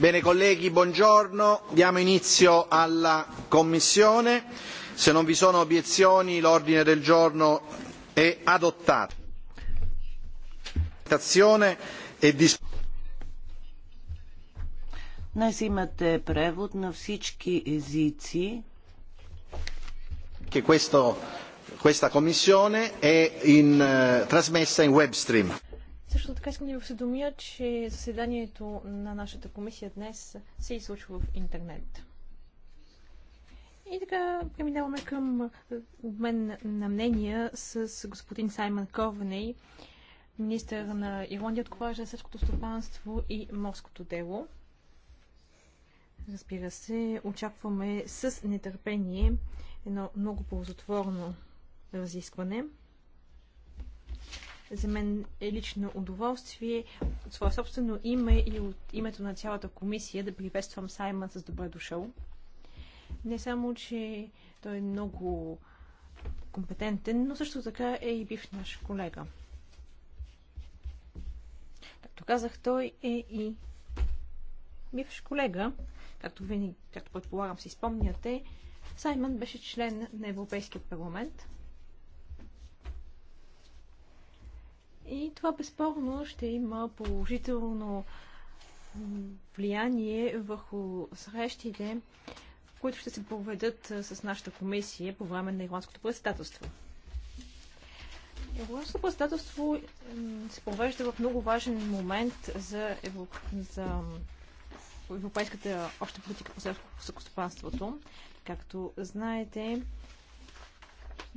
Bene colleghi, buongiorno. Diamo inizio alla Commissione. Se non vi sono obiezioni l'ordine del giorno è adottato. Днес имате превод на всички езици. Che questa Commissione è trasmessa in web stream. Също така искам да ви осведомя, че заседанието на нашата комисия днес се излучва в интернет. И така преминаваме към обмен на мнения с господин Саймън Ковней, министър на Ирландия, отговарящ за сърското стопанство и морското дело. Разбира се, очакваме с нетърпение едно много ползотворно разискване. За мен е лично удоволствие от свое собствено име и от името на цялата комисия да приветствам Саймън с добре дошъл. Не само, че той е много компетентен, но също така е и бив наш колега. Както казах, той е и бивш колега, както винаги, както предполагам си спомняте, Саймън беше член на Европейския парламент. И това безспорно ще има положително влияние върху срещите, които ще се проведат с нашата комисия по време на ирландското председателство. Ирландското председателство се провежда в много важен момент за, евро... за европейската обща политика по селско стопанството. Както знаете,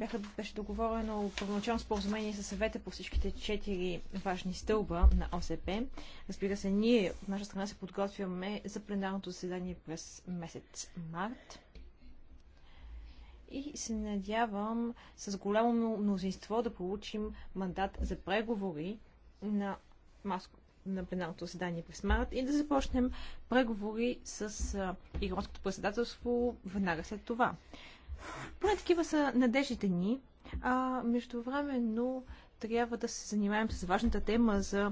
бяха, беше договорено първоначално споразумение със съвета по всичките четири важни стълба на ОСП. Разбира се, ние от наша страна се подготвяме за пленарното заседание през месец март. И се надявам с голямо мнозинство да получим мандат за преговори на, маско, на пленарното заседание през март и да започнем преговори с Ирландското председателство веднага след това. Поне такива са надеждите ни. А междувременно трябва да се занимаем с важната тема за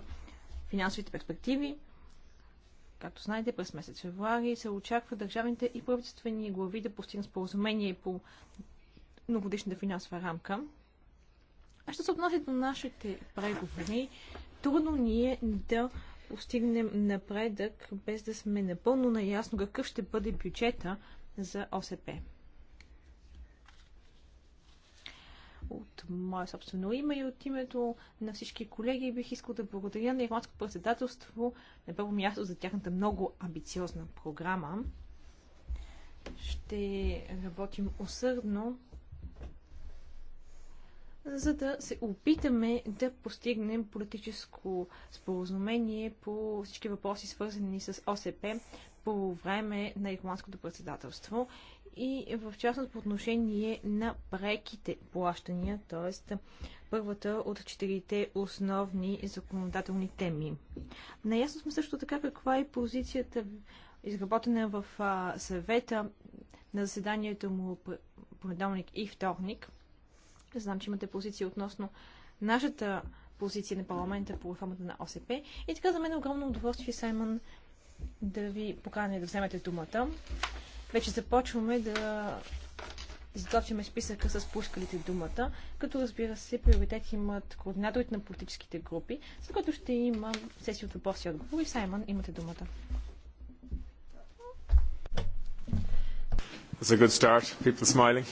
финансовите перспективи. Както знаете, през месец февруари се очаква държавните и правителствени глави да постигнат споразумение по многодишната финансова рамка. А що се отнася до нашите преговори, трудно ни е да постигнем напредък, без да сме напълно наясно какъв ще бъде бюджета за ОСП. от мое собствено име и от името на всички колеги бих искал да благодаря на Ирландско председателство на първо място за тяхната много амбициозна програма. Ще работим усърдно, за да се опитаме да постигнем политическо споразумение по всички въпроси, свързани с ОСП по време на Ирландското председателство и в частност по отношение на преките плащания, т.е. първата от четирите основни законодателни теми. Наясно сме също така каква е позицията изработена в съвета на заседанието му понеделник и вторник. Знам, че имате позиция относно нашата позиция на парламента по реформата на ОСП. И така за мен е огромно удоволствие, Саймон, да ви поканя да вземете думата вече започваме да изготвяме списъка с пускалите думата, като разбира се приоритет имат координаторите на политическите групи, за което ще има сесия от въпроси и отговори. Саймън, имате думата. It's a good start. People smiling.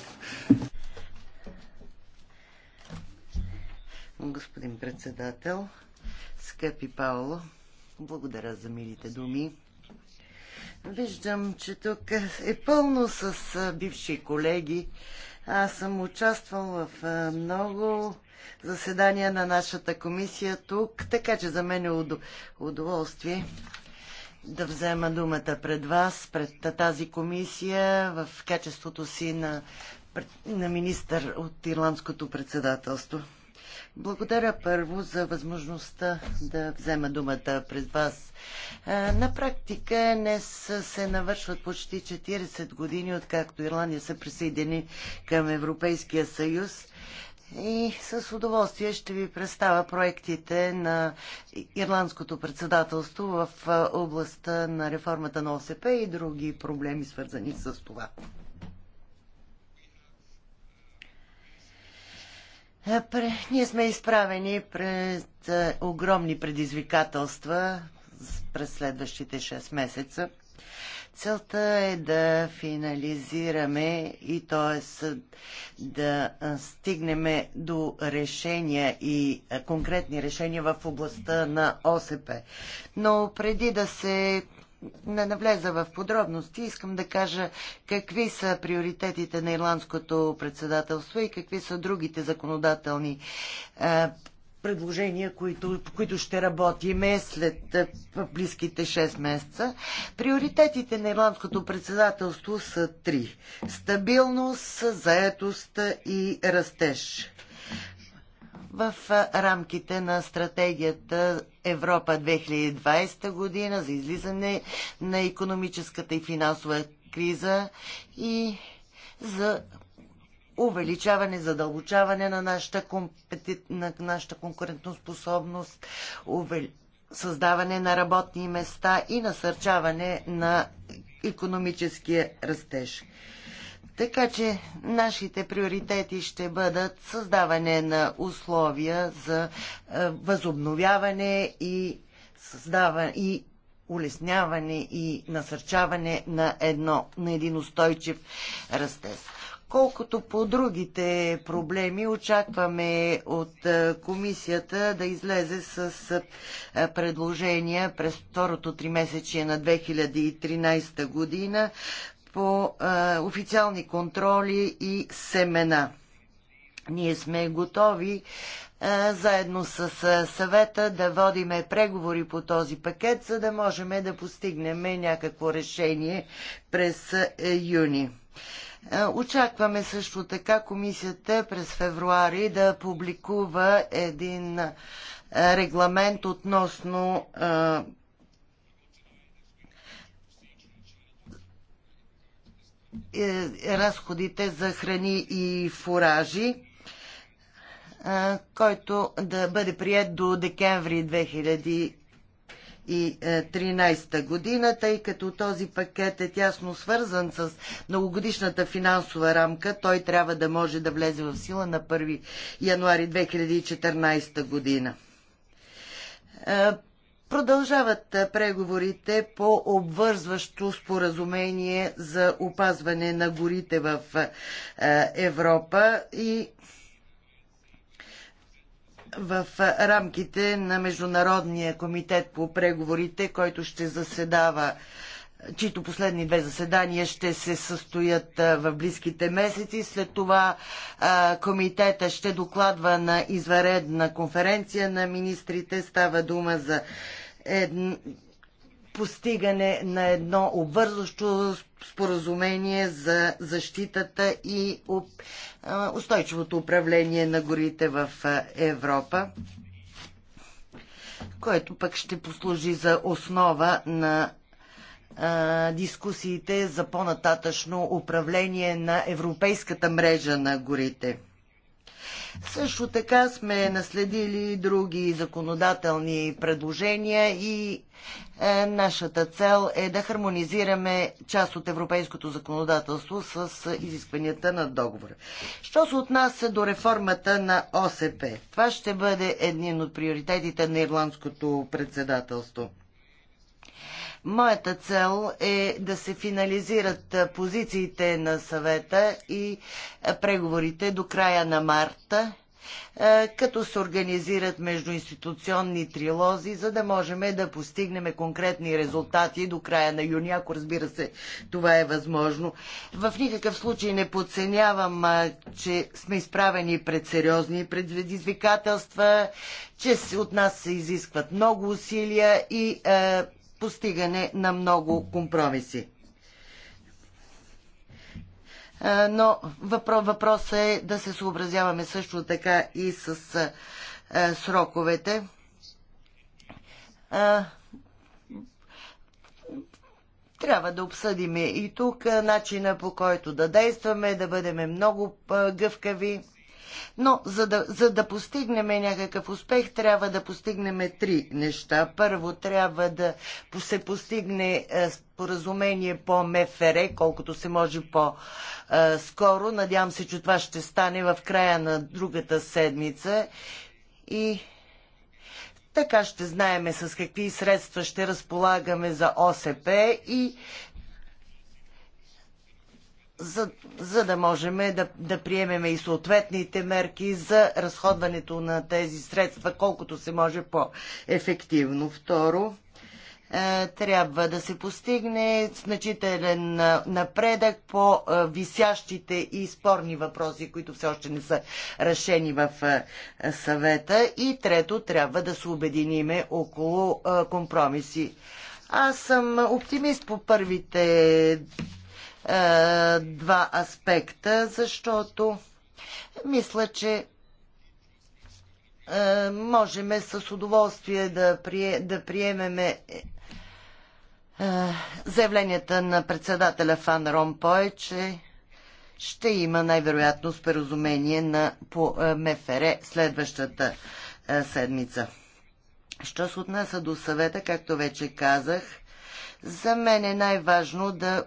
Господин председател, скъпи Пауло, благодаря за милите думи. Виждам, че тук е пълно с бивши колеги. Аз съм участвал в много заседания на нашата комисия тук, така че за мен е удоволствие да взема думата пред вас, пред тази комисия, в качеството си на, на министър от Ирландското председателство. Благодаря първо за възможността да взема думата пред вас. Е, на практика днес се навършват почти 40 години, откакто Ирландия се присъедини към Европейския съюз и с удоволствие ще ви представя проектите на Ирландското председателство в е, областта на реформата на ОСП и други проблеми, свързани с това. Е, ние сме изправени пред е, огромни предизвикателства през следващите 6 месеца. Целта е да финализираме и т.е. да е, стигнем до решения и конкретни решения в областта на ОСП. Но преди да се не навлеза в подробности, искам да кажа какви са приоритетите на ирландското председателство и какви са другите законодателни е, предложения, които, по които ще работиме след е, близките 6 месеца. Приоритетите на ирландското председателство са три. Стабилност, заетост и растеж в рамките на стратегията Европа 2020 година за излизане на економическата и финансова криза и за увеличаване, задълбочаване на нашата, компетит, на нашата конкурентоспособност, увел... създаване на работни места и насърчаване на економическия растеж. Така че нашите приоритети ще бъдат създаване на условия за е, възобновяване и създава, и улесняване и насърчаване на, едно, на един устойчив растеж. Колкото по другите проблеми, очакваме от е, комисията да излезе с е, предложения през второто тримесечие на 2013 година по а, е, официални контроли и семена. Ние сме готови а, е, заедно с а, е, съвета да водиме преговори по този пакет, за да можем да постигнем някакво решение през а, юни. Очакваме също така комисията през февруари да публикува един регламент относно Е, разходите за храни и фуражи, е, който да бъде прият до декември 2013 година, тъй като този пакет е тясно свързан с многогодишната финансова рамка. Той трябва да може да влезе в сила на 1 януари 2014 година е, Продължават преговорите по обвързващо споразумение за опазване на горите в Европа и в рамките на Международния комитет по преговорите, който ще заседава чието последни две заседания ще се състоят в близките месеци. След това комитета ще докладва на извънредна конференция на министрите. Става дума за едно постигане на едно обвързващо споразумение за защитата и устойчивото управление на горите в Европа, което пък ще послужи за основа на дискусиите за по-нататъчно управление на Европейската мрежа на горите. Също така сме наследили други законодателни предложения и е, нашата цел е да хармонизираме част от европейското законодателство с изискванията на договора. Що се отнася до реформата на ОСП? Това ще бъде един от приоритетите на ирландското председателство. Моята цел е да се финализират позициите на съвета и преговорите до края на марта като се организират междуинституционни трилози, за да можем да постигнем конкретни резултати до края на юни, ако разбира се това е възможно. В никакъв случай не подценявам, че сме изправени пред сериозни предизвикателства, че от нас се изискват много усилия и постигане на много компромиси. Но въпросът е да се съобразяваме също така и с сроковете. Трябва да обсъдим и тук начина по който да действаме, да бъдем много гъвкави. Но за да, за да постигнем някакъв успех, трябва да постигнем три неща. Първо, трябва да се постигне е, споразумение по МФР, колкото се може по-скоро. Надявам се, че това ще стане в края на другата седмица. И така ще знаеме с какви средства ще разполагаме за ОСП и за, за да можем да, да приемем и съответните мерки за разходването на тези средства, колкото се може по-ефективно. Второ, е, трябва да се постигне значителен е, напредък по е, висящите и спорни въпроси, които все още не са решени в е, съвета. И трето, трябва да се обединиме около е, компромиси. Аз съм оптимист по първите е, два аспекта, защото мисля, че е, можем с удоволствие да, прие, да приемеме е, заявленията на председателя Фан Ромпой, че ще има най-вероятно споразумение на, по МФР следващата седмица. Що се отнася до съвета, както вече казах, за мен е най-важно да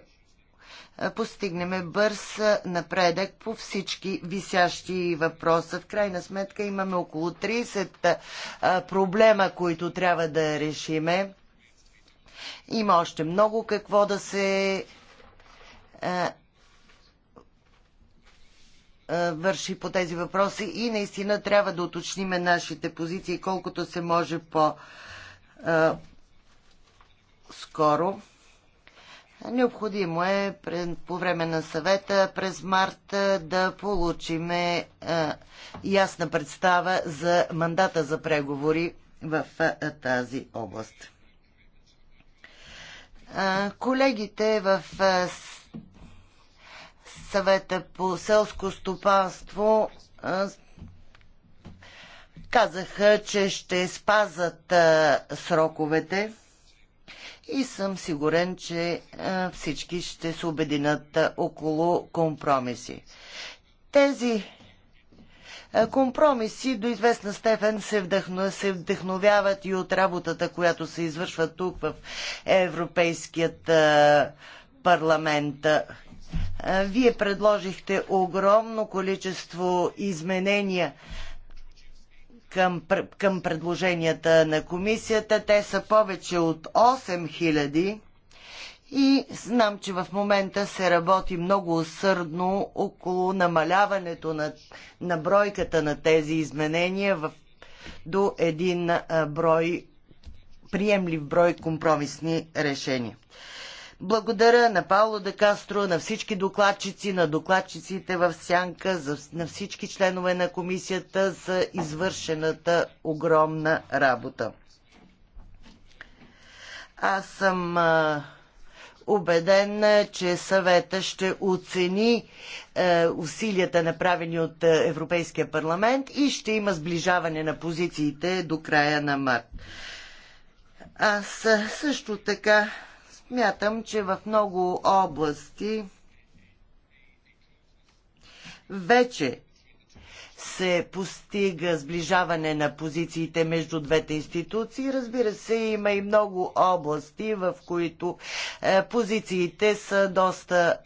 постигнем бърз напредък по всички висящи въпроса. В крайна сметка имаме около 30 проблема, които трябва да решиме. Има още много какво да се върши по тези въпроси и наистина трябва да уточниме нашите позиции колкото се може по скоро. Необходимо е по време на съвета през март да получиме ясна представа за мандата за преговори в тази област. Колегите в съвета по селско стопанство казаха, че ще спазат сроковете и съм сигурен, че е, всички ще се обединят е, около компромиси. Тези е, компромиси до известна степен се, вдъхно, се вдъхновяват и от работата, която се извършва тук в Европейският парламент. Вие предложихте огромно количество изменения към, към предложенията на комисията. Те са повече от 8000 и знам, че в момента се работи много усърдно около намаляването на, на бройката на тези изменения в, до един брой приемлив брой компромисни решения. Благодаря на Пауло де Кастро, на всички докладчици, на докладчиците в Сянка, на всички членове на комисията за извършената огромна работа. Аз съм убеден, че съвета ще оцени е, усилията направени от е, Европейския парламент и ще има сближаване на позициите до края на март. Аз също така Мятам, че в много области вече се постига сближаване на позициите между двете институции. Разбира се, има и много области, в които е, позициите са доста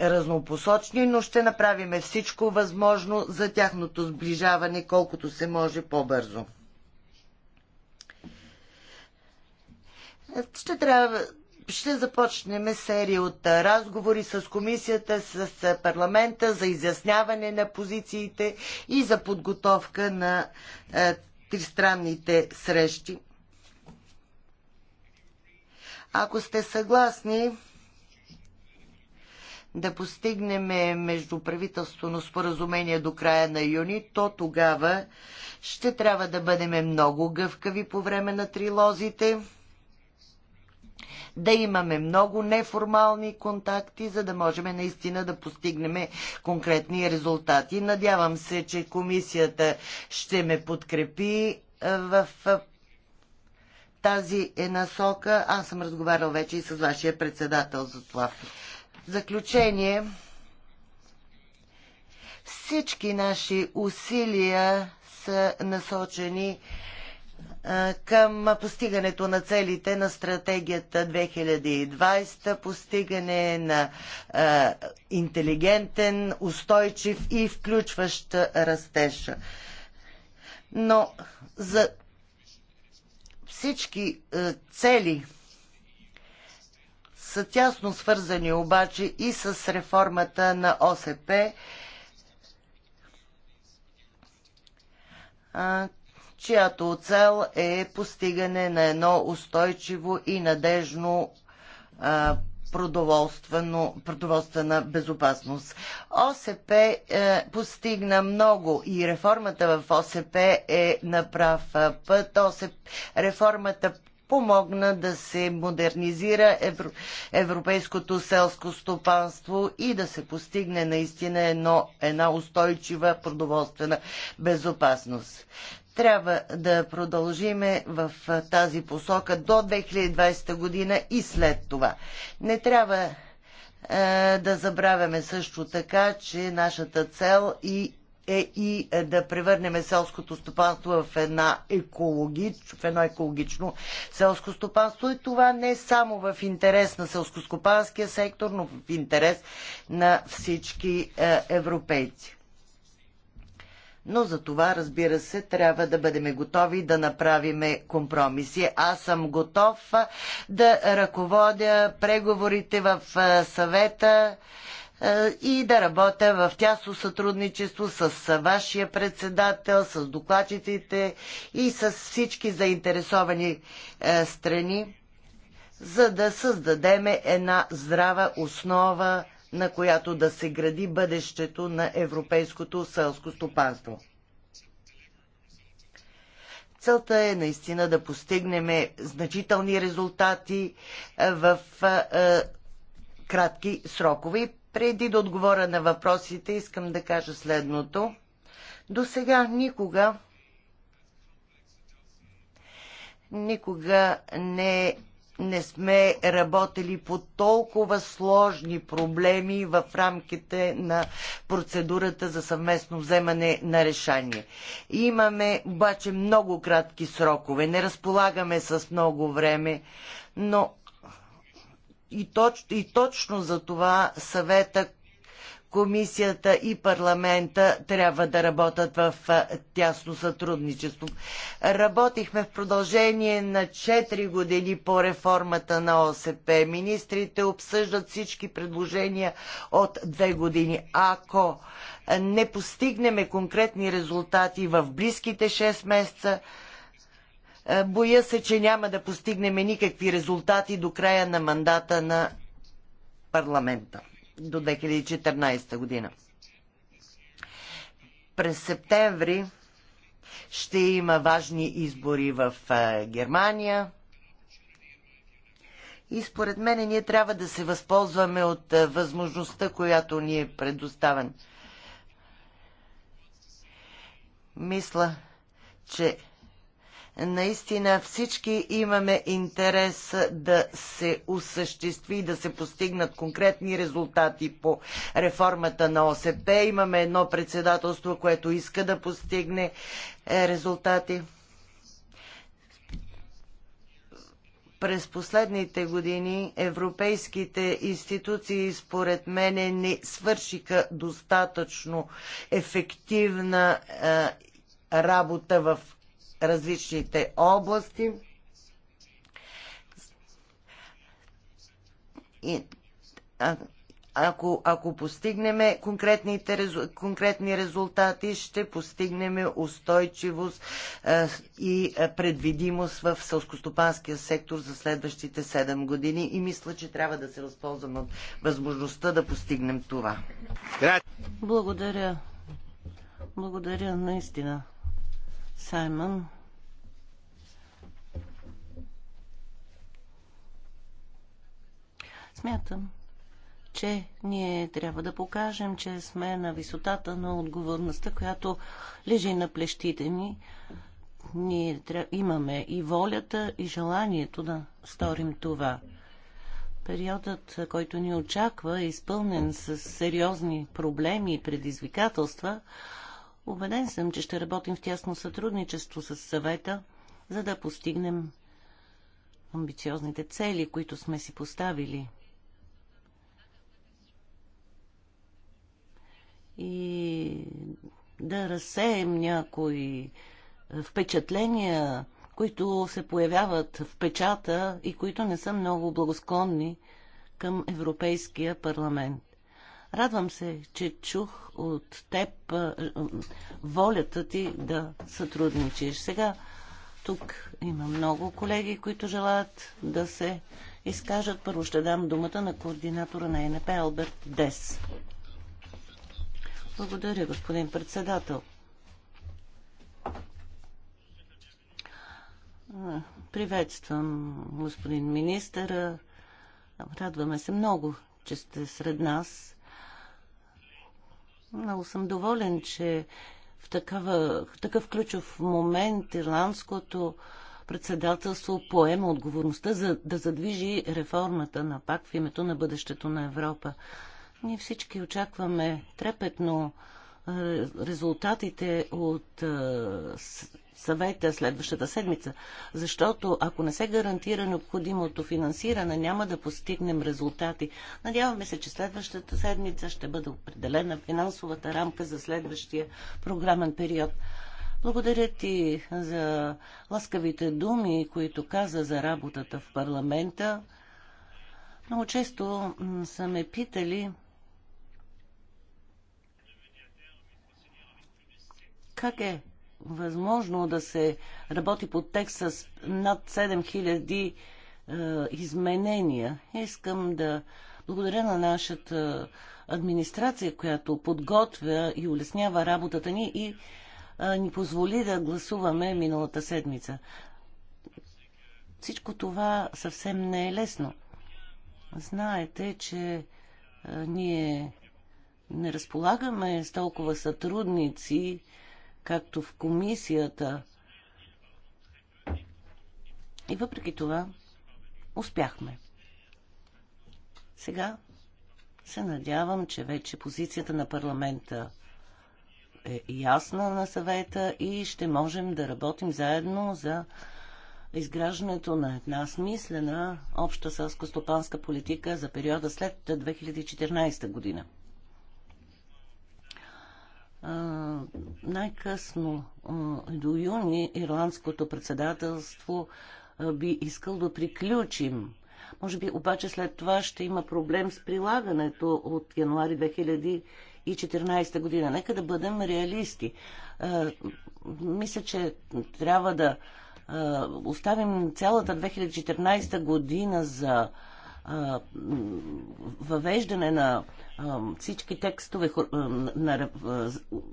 е, разнопосочни, но ще направим всичко възможно за тяхното сближаване колкото се може по-бързо. Ще трябва ще започнем серия от разговори с комисията, с парламента за изясняване на позициите и за подготовка на е, тристранните срещи. Ако сте съгласни да постигнем междуправителствено споразумение до края на юни, то тогава ще трябва да бъдем много гъвкави по време на трилозите да имаме много неформални контакти, за да можем наистина да постигнем конкретни резултати. Надявам се, че комисията ще ме подкрепи в тази е насока. Аз съм разговарял вече и с вашия председател за това. В заключение, всички наши усилия са насочени към постигането на целите на стратегията 2020, постигане на а, интелигентен, устойчив и включващ растеж. Но за всички а, цели са тясно свързани обаче и с реформата на ОСП, а, чиято цел е постигане на едно устойчиво и надежно а, продоволствена безопасност. ОСП е, постигна много и реформата в ОСП е на прав път. ОСП, реформата помогна да се модернизира евро, европейското селско стопанство и да се постигне наистина едно, една устойчива продоволствена безопасност. Трябва да продължиме в тази посока до 2020 година и след това. Не трябва да забравяме също така, че нашата цел и е и е да превърнем селското стопанство в, една екологич, в едно екологично селско стопанство. И това не само в интерес на селскостопанския сектор, но в интерес на всички е, европейци но за това, разбира се, трябва да бъдем готови да направим компромиси. Аз съм готов да ръководя преговорите в съвета и да работя в тясно сътрудничество с вашия председател, с докладчиците и с всички заинтересовани е, страни, за да създадем една здрава основа на която да се гради бъдещето на европейското селско стопанство. Целта е наистина да постигнем значителни резултати е, в е, е, кратки срокове. преди да отговоря на въпросите, искам да кажа следното. До сега никога никога не не сме работили по толкова сложни проблеми в рамките на процедурата за съвместно вземане на решение. Имаме обаче много кратки срокове, не разполагаме с много време, но и, точно, и точно за това съвета комисията и парламента трябва да работят в тясно сътрудничество. Работихме в продължение на 4 години по реформата на ОСП. Министрите обсъждат всички предложения от 2 години. Ако не постигнеме конкретни резултати в близките 6 месеца, боя се, че няма да постигнем никакви резултати до края на мандата на парламента до 2014 година. През септември ще има важни избори в Германия. И според мен ние трябва да се възползваме от възможността, която ни е предоставен. Мисля, че Наистина всички имаме интерес да се осъществи, да се постигнат конкретни резултати по реформата на ОСП. Имаме едно председателство, което иска да постигне е, резултати. през последните години европейските институции, според мене, не свършиха достатъчно ефективна е, работа в различните области. И, а, ако, ако постигнем конкретните, конкретни резултати, ще постигнем устойчивост а, и предвидимост в сълскостопанския сектор за следващите 7 години и мисля, че трябва да се възползваме от възможността да постигнем това. Благодаря. Благодаря наистина. Саймън. Смятам, че ние трябва да покажем, че сме на висотата на отговорността, която лежи на плещите ни. Ние имаме и волята, и желанието да сторим това. Периодът, който ни очаква, е изпълнен с сериозни проблеми и предизвикателства, Убеден съм, че ще работим в тясно сътрудничество с съвета, за да постигнем амбициозните цели, които сме си поставили. И да разсеем някои впечатления, които се появяват в печата и които не са много благосклонни към Европейския парламент. Радвам се, че чух от теб волята ти да сътрудничиш. Сега тук има много колеги, които желаят да се изкажат. Първо ще дам думата на координатора на ЕНП Алберт Дес. Благодаря, господин председател. Приветствам господин министър. Радваме се много, че сте сред нас. Много съм доволен, че в, такава, в такъв ключов момент ирландското председателство поема отговорността за да задвижи реформата на пак в името на бъдещето на Европа. Ние всички очакваме трепетно резултатите от съвета следващата седмица, защото ако не се гарантира необходимото финансиране, няма да постигнем резултати. Надяваме се, че следващата седмица ще бъде определена финансовата рамка за следващия програмен период. Благодаря ти за ласкавите думи, които каза за работата в парламента. Много често са ме питали Как е възможно да се работи по текст с над 7000 е, изменения? Искам да благодаря на нашата администрация, която подготвя и улеснява работата ни и е, ни позволи да гласуваме миналата седмица. Всичко това съвсем не е лесно. Знаете, че е, ние не разполагаме с толкова сътрудници, както в комисията. И въпреки това успяхме. Сега се надявам, че вече позицията на парламента е ясна на съвета и ще можем да работим заедно за изграждането на една смислена обща селско-стопанска политика за периода след 2014 година най-късно до юни ирландското председателство би искал да приключим. Може би обаче след това ще има проблем с прилагането от януари 2014 година. Нека да бъдем реалисти. Мисля, че трябва да оставим цялата 2014 година за въвеждане на всички текстове на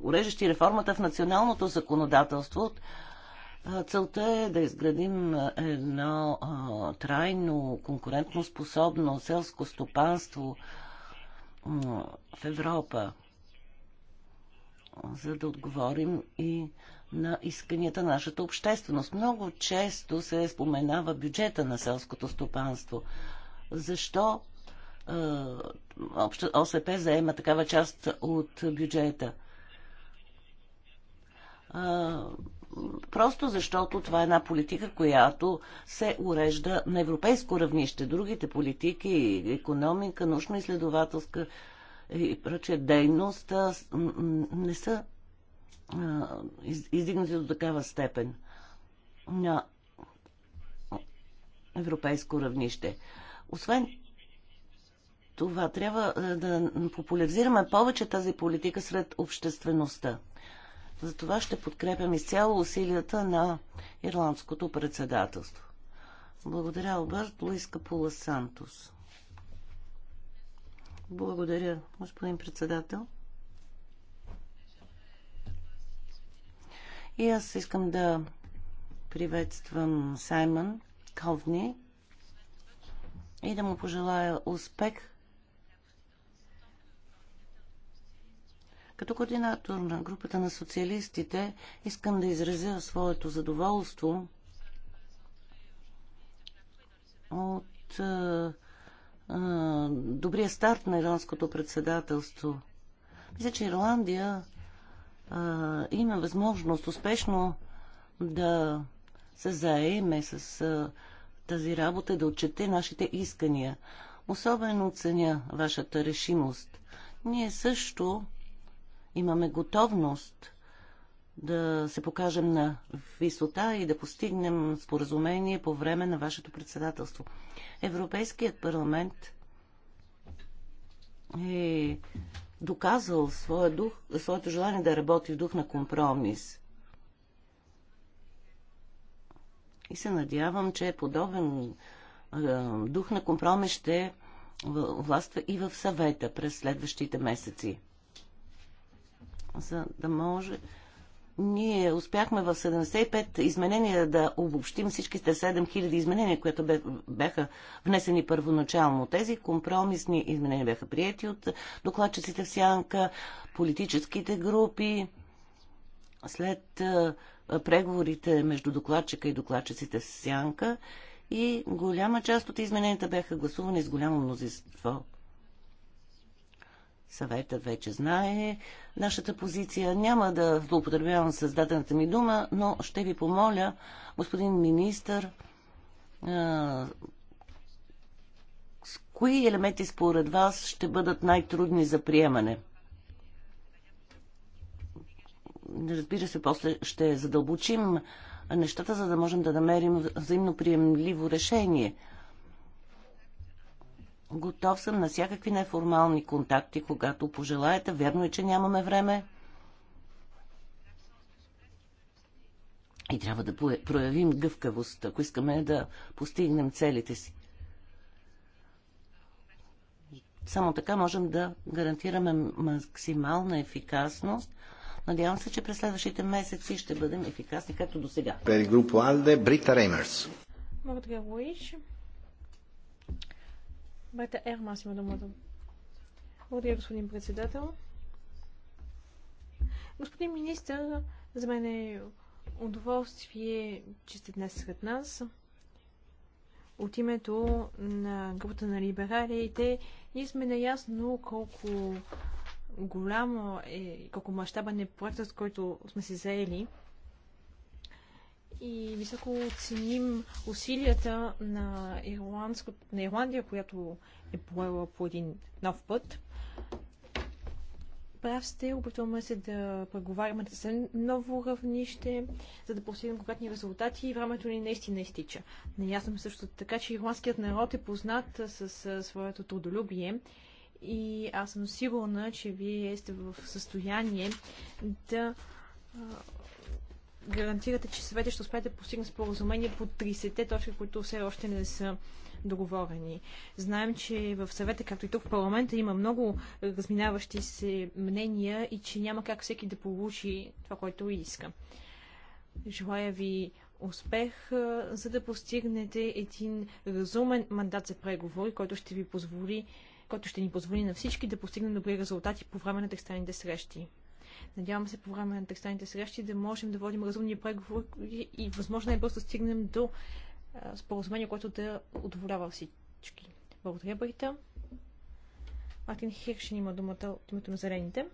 уреждащи реформата в националното законодателство. Целта е да изградим едно трайно, конкурентно способно селско стопанство в Европа, за да отговорим и на исканията на нашата общественост. Много често се споменава бюджета на селското стопанство – защо ОСП заема такава част от бюджета. Просто защото това е една политика, която се урежда на европейско равнище. Другите политики, економика, научно-изследователска и прочее дейност не са издигнати до такава степен на европейско равнище. Освен това, трябва е, да популяризираме повече тази политика сред обществеността. Затова ще подкрепям изцяло усилията на ирландското председателство. Благодаря, Алберт Луиска Пула Сантос. Благодаря, господин председател. И аз искам да приветствам Саймън Ковни, и да му пожелая успех. Като координатор на групата на социалистите искам да изразя своето задоволство от а, а, добрия старт на ирландското председателство. Мисля, че Ирландия а, има възможност успешно да се заеме с а, тази работа да отчете нашите искания. Особено оценя вашата решимост. Ние също имаме готовност да се покажем на висота и да постигнем споразумение по време на вашето председателство. Европейският парламент е доказал своя дух, своето желание да работи в дух на компромис. И се надявам, че подобен дух на компромис ще властва и в съвета през следващите месеци. За да може. Ние успяхме в 75 изменения да обобщим всичките 7000 изменения, които бяха внесени първоначално. Тези компромисни изменения бяха прияти от докладчиците в Сянка, политическите групи, след преговорите между докладчика и докладчиците в Сянка и голяма част от измененията бяха гласувани с голямо мнозинство. Съветът вече знае нашата позиция. Няма да злоупотребявам с дадената ми дума, но ще ви помоля, господин министър, с кои елементи според вас ще бъдат най-трудни за приемане? разбира се, после ще задълбочим нещата, за да можем да намерим взаимно приемливо решение. Готов съм на всякакви неформални контакти, когато пожелаете. Верно е, че нямаме време. И трябва да проявим гъвкавост, ако искаме да постигнем целите си. Само така можем да гарантираме максимална ефикасност Надявам се, че през следващите месеци ще бъдем ефикасни, както до сега. Алде, Брита Реймерс. Благодаря, Луиш. Брита Ермас има думата. Благодаря, господин председател. Господин министър, за мен е удоволствие, че сте днес сред нас. От името на групата на либералите ние сме наясно колко голямо е, колко мащабен е проектът, с който сме се заели. И високо оценим усилията на, Ирландско, на Ирландия, която е поела по един нов път. Прав сте, опитваме се да преговаряме да ново равнище, за да постигнем конкретни резултати и времето ни наистина изтича. Не ясно също така, че ирландският народ е познат с своето трудолюбие и аз съм сигурна, че вие сте в състояние да гарантирате, че съвета ще успеете да постигне споразумение по 30-те точки, които все още не са договорени. Знаем, че в съвета, както и тук в парламента, има много разминаващи се мнения и че няма как всеки да получи това, което иска. Желая ви успех, за да постигнете един разумен мандат за преговори, който ще ви позволи който ще ни позволи на всички да постигнем добри резултати по време на текстаните срещи. Надявам се по време на текстаните срещи да можем да водим разумни преговори и възможно е просто да стигнем до споразумение, което да удоволява всички. Благодаря, Брита. Мартин Хиршин има думата от името на зелените.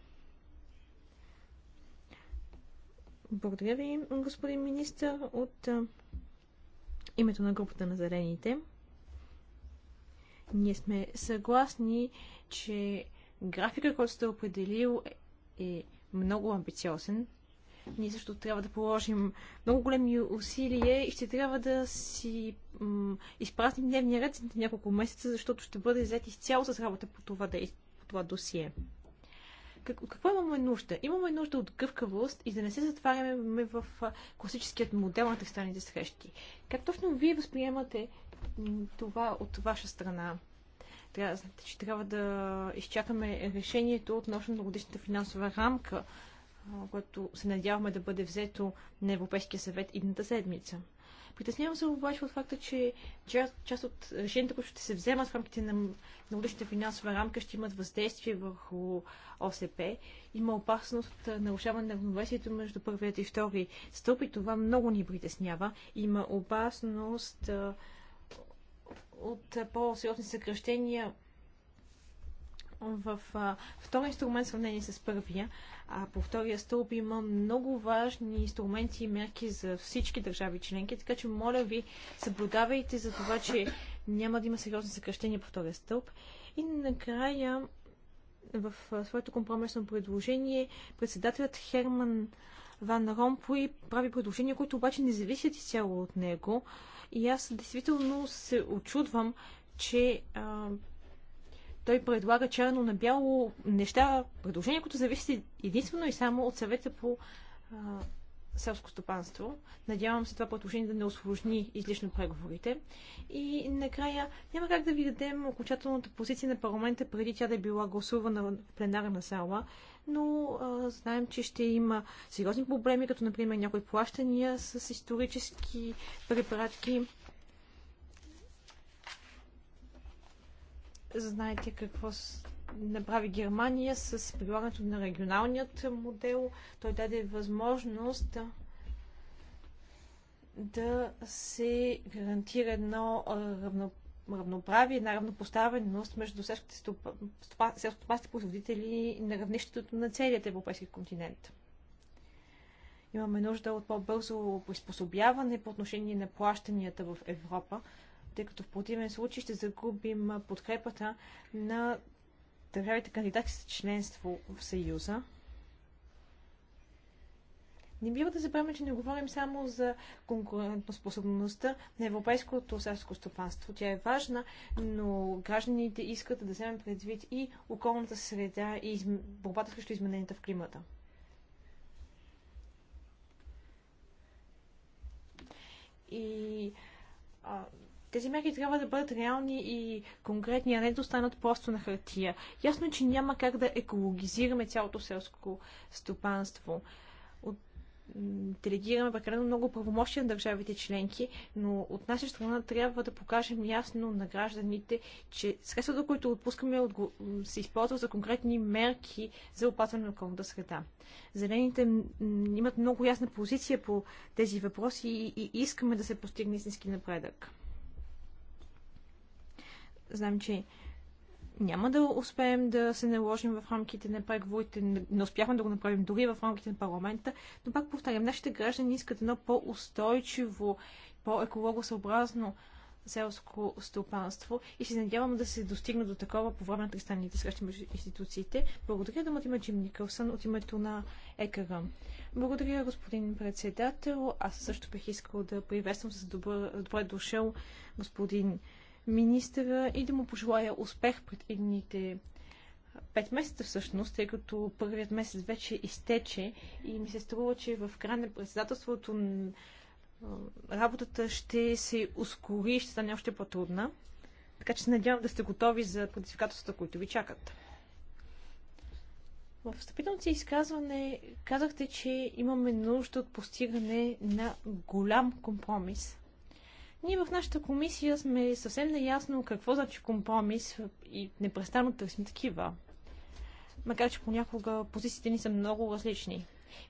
Благодаря ви, господин министр, от името на групата на зелените. Ние сме съгласни, че графика, който сте определил е много амбициозен. Ние също трябва да положим много големи усилия и ще трябва да си изпратим дневния ред за няколко месеца, защото ще бъде взет изцяло с работа по това, да, по това досие. Как, какво имаме нужда? Имаме нужда от гъвкавост и да не се затваряме в класическият модел на тристранните срещи. Как точно вие възприемате това от ваша страна? Трябва, значи, че трябва да изчакаме решението относно годишната финансова рамка, което се надяваме да бъде взето на Европейския съвет идната седмица. Притеснявам се обаче от факта, че част от решенията, които ще се вземат в рамките на годишната финансова рамка, ще имат въздействие върху ОСП. Има опасност от нарушаване на равновесието между първият и втори стълб и това много ни притеснява. Има опасност от по-сериозни съкръщения в а, втори инструмент сравнение с първия. А по втория стълб има много важни инструменти и мерки за всички държави членки, така че моля ви, съблюдавайте за това, че няма да има сериозни съкръщения по втория стълб. И накрая, в своето компромисно предложение, председателят Херман Ван Ромпуи прави предложения, които обаче не зависят изцяло от него. И аз действително се очудвам, че а, той предлага черно на бяло неща, предложения, които зависят единствено и само от съвета по а, селско стопанство. Надявам се това предложение да не осложни излишно преговорите. И накрая няма как да ви дадем окончателната позиция на парламента преди тя да е била гласувана в пленарна сала, но а, знаем, че ще има сериозни проблеми, като например някои плащания с исторически препратки. Знаете какво направи Германия с прилагането на регионалният модел. Той даде възможност да се гарантира едно равно, равноправие, една равнопоставеност между пасти производители на равнището на целият европейски континент. Имаме нужда от по-бързо приспособяване по отношение на плащанията в Европа, тъй като в противен случай ще загубим подкрепата на държавите кандидати за членство в Съюза. Не бива да забравяме, че не говорим само за конкурентоспособността на европейското селско стопанство. Тя е важна, но гражданите искат да вземем предвид и околната среда и борбата срещу измененията в климата. И а, тези мерки трябва да бъдат реални и конкретни, а не да останат просто на хартия. Ясно е, че няма как да екологизираме цялото селско стопанство. От делегираме прекалено много правомощия на държавите членки, но от наша страна трябва да покажем ясно на гражданите, че средствата, които отпускаме, е се използват за конкретни мерки за опазване на околната среда. Зелените имат много ясна позиция по тези въпроси и искаме да се постигне истински напредък. Знам, че няма да успеем да се наложим в рамките на преговорите, не успяхме да го направим дори в рамките на парламента, но пак повтарям, нашите граждани искат едно по-устойчиво, по-екологосъобразно селско стопанство и се надявам да се достигна до такова по време на тристанните срещи между институциите. Благодаря думата има Джим Никълсън от името на ЕКР. Благодаря, господин председател. Аз също бих искал да приветствам с добър, добре дошъл господин министъра и да му пожелая успех пред едните пет месеца всъщност, тъй като първият месец вече изтече и ми се струва, че в края на председателството работата ще се ускори и ще стане още по-трудна. Така че се надявам да сте готови за предизвикателствата, които ви чакат. В встъпителното си изказване казахте, че имаме нужда от постигане на голям компромис ние в нашата комисия сме съвсем неясно какво значи компромис и непрестанно търсим такива. Макар, че понякога позициите ни са много различни.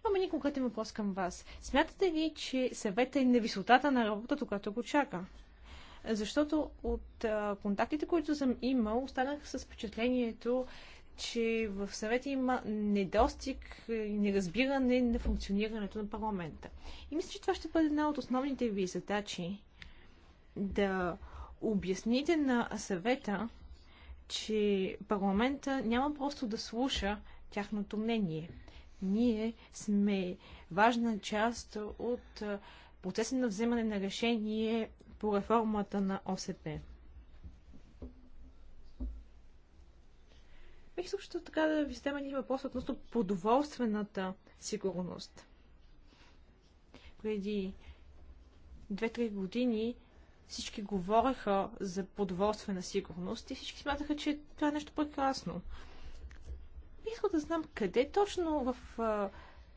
Имаме един конкретен въпрос към вас. Смятате ли, че съвета е на висотата на работата, която го чака? Защото от а, контактите, които съм имал, останах с впечатлението, че в съвета има недостиг и неразбиране на функционирането на парламента. И мисля, че това ще бъде една от основните ви задачи да обясните на съвета, че парламента няма просто да слуша тяхното мнение. Ние сме важна част от процеса на вземане на решение по реформата на ОСП. Бих също така да ви задам един въпрос относно продоволствената сигурност. Преди 2-3 години всички говореха за продоволствена сигурност и всички смятаха, че това е нещо прекрасно. Искам да знам къде точно в а,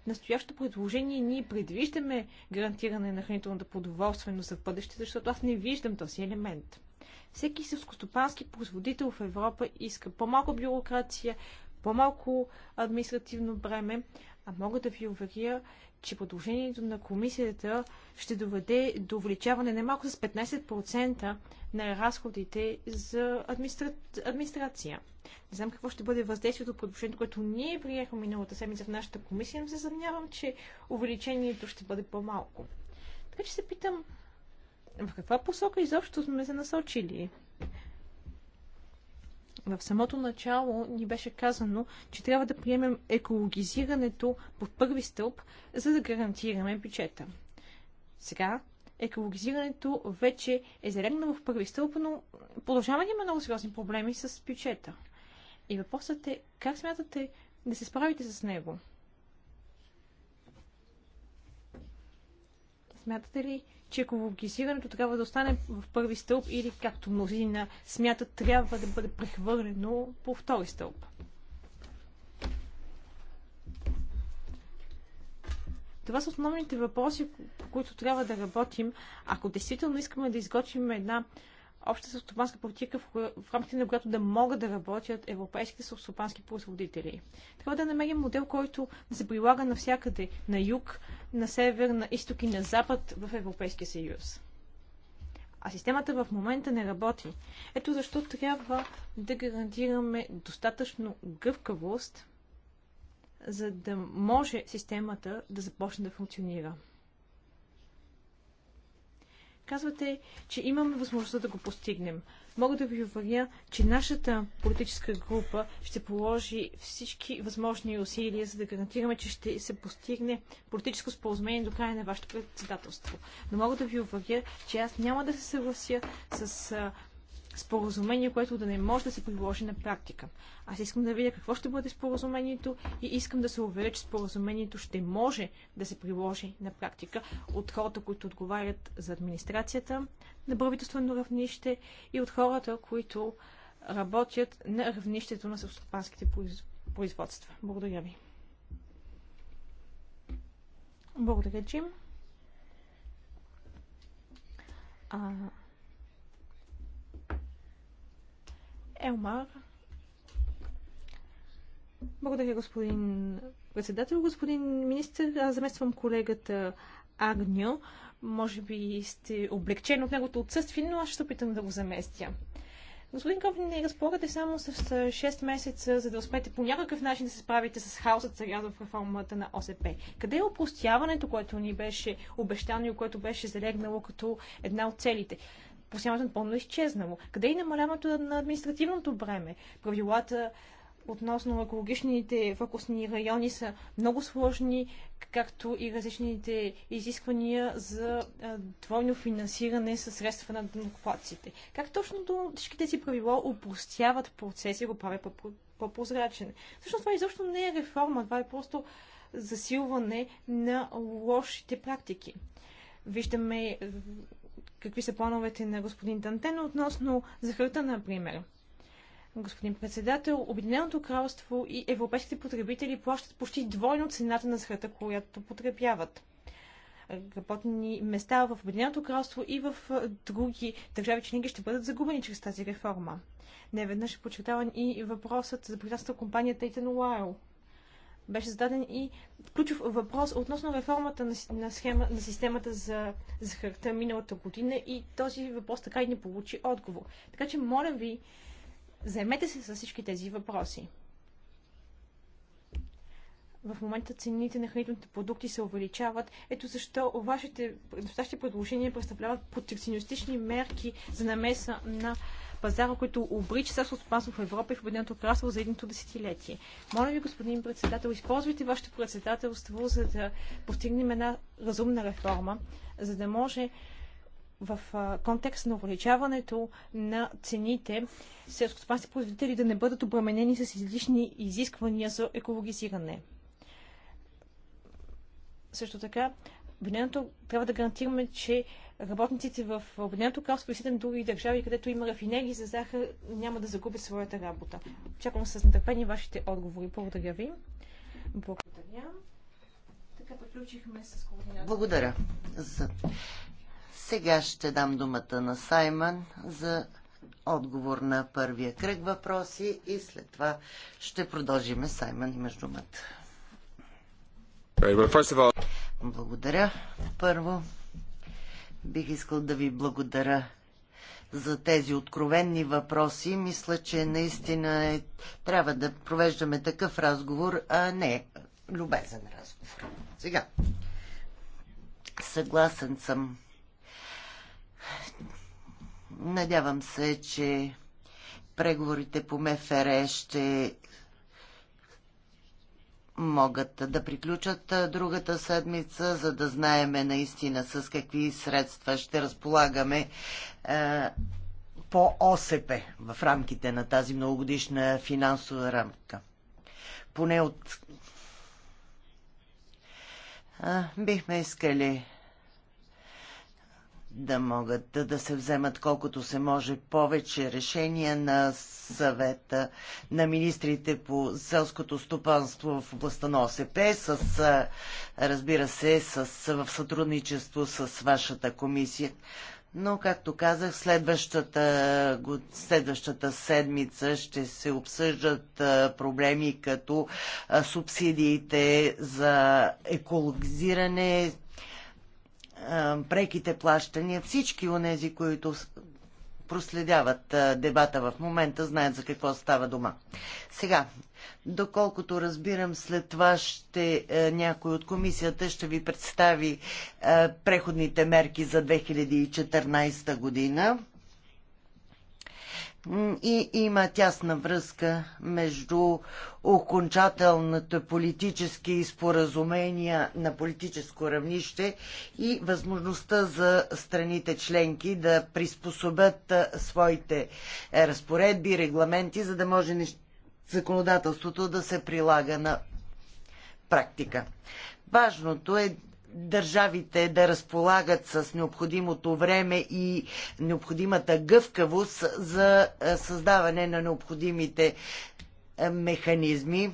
настоящото предложение ние предвиждаме гарантиране на хранителната продоволственост за бъдеще, защото аз не виждам този елемент. Всеки селскостопански производител в Европа иска по-малко бюрокрация, по-малко административно бреме, а мога да ви уверя, че предложението на комисията ще доведе до увеличаване не малко с 15% на разходите за администра... администрация. Не знам какво ще бъде въздействието от предложението, което ние приехме миналата седмица в нашата комисия, но се съмнявам, че увеличението ще бъде по-малко. Така че се питам, в каква посока изобщо сме се насочили? В самото начало ни беше казано, че трябва да приемем екологизирането в първи стълб, за да гарантираме бюджета. Сега екологизирането вече е залегнало в първи стълб, но продължаваме да има много сериозни проблеми с бюджета. И въпросът е как смятате да се справите с него? Смятате ли, че екологизирането трябва да остане в първи стълб или, както мнозина смятат, трябва да бъде прехвърлено по втори стълб. Това са основните въпроси, по които трябва да работим, ако действително искаме да изготвим една обща селскостопанска политика, в, рамките на която да могат да работят европейските селскостопански производители. Трябва да намерим модел, който да се прилага навсякъде на юг, на север, на изток и на запад в Европейския съюз. А системата в момента не работи. Ето защо трябва да гарантираме достатъчно гъвкавост, за да може системата да започне да функционира. Казвате, че имаме възможността да го постигнем. Мога да ви уверя, че нашата политическа група ще положи всички възможни усилия, за да гарантираме, че ще се постигне политическо споразумение до края на вашето председателство. Но мога да ви уверя, че аз няма да се съглася с споразумение, което да не може да се приложи на практика. Аз искам да видя какво ще бъде споразумението и искам да се уверя, че споразумението ще може да се приложи на практика от хората, които отговарят за администрацията на правителствено равнище и от хората, които работят на равнището на съвстопанските производства. Благодаря ви. Благодаря, Джим. А, Елмар. Благодаря, господин председател. Господин министр, аз замествам колегата Агньо. Може би сте облегчен от негото отсъствие, но аз ще се опитам да го заместя. Господин Ков, не разполагате само с 6 месеца, за да успеете по някакъв начин да се справите с хаосът сега в реформата на ОСП. Къде е опростяването, което ни беше обещано и което беше залегнало като една от целите? посяването напълно е изчезнало. Къде е намаляването на административното бреме? Правилата относно екологичните фокусни райони са много сложни, както и различните изисквания за двойно финансиране със средства на данокоплаците. Как точно всички тези правила упростяват процеси, и го правят по-прозрачен? Всъщност това изобщо не е реформа, това е просто засилване на лошите практики. Виждаме какви са плановете на господин Дантен относно захарта, например. Господин председател, Обединеното кралство и европейските потребители плащат почти двойно цената на захарта, която потребяват. Работни места в Обединеното кралство и в други държави членки ще бъдат загубени чрез тази реформа. Неведнъж е подчертаван и въпросът за британската компания Titan Уайл беше зададен и ключов въпрос относно реформата на, на, схема, на системата за захарта миналата година и този въпрос така и не получи отговор. Така че, моля ви, займете се с всички тези въпроси. В момента цените на хранителните продукти се увеличават. Ето защо вашите предложения представляват протекционистични мерки за намеса на пазара, които обрича селско стопанство в Европа и в Обединеното кралство за едното десетилетие. Моля ви, господин председател, използвайте вашето председателство, за да постигнем една разумна реформа, за да може в контекст на увеличаването на цените селскостопански производители да не бъдат обременени с излишни изисквания за екологизиране. Също така, Обединеното трябва да гарантираме, че работниците в Обединеното кралство и 7 други държави, където има рафинери за захар, няма да загубят своята работа. Очаквам с нетърпение вашите отговори. Благодаря ви. Благодаря. Така приключихме с координацията. Благодаря. За... Сега ще дам думата на Саймън за отговор на първия кръг въпроси и след това ще продължиме Саймън между думата. Благодаря. Първо, Бих искал да ви благодаря за тези откровенни въпроси. Мисля, че наистина е, трябва да провеждаме такъв разговор, а не любезен разговор. Сега, съгласен съм. Надявам се, че преговорите по МФР е ще могат да приключат другата седмица, за да знаеме наистина с какви средства ще разполагаме е, по ОСП в рамките на тази многогодишна финансова рамка. Поне от. Е, бихме искали да могат да, да се вземат колкото се може повече решения на съвета на министрите по селското стопанство в областта на ОСП, с, разбира се, с, в сътрудничество с вашата комисия. Но, както казах, следващата, следващата седмица ще се обсъждат проблеми като субсидиите за екологизиране, преките плащания. Всички от тези, които проследяват дебата в момента, знаят за какво става дома. Сега, доколкото разбирам, след това ще някой от комисията ще ви представи преходните мерки за 2014 година и има тясна връзка между окончателната политически споразумения на политическо равнище и възможността за страните членки да приспособят своите е, разпоредби, регламенти, за да може законодателството да се прилага на практика. Важното е държавите да разполагат с необходимото време и необходимата гъвкавост за е, създаване на необходимите е, механизми,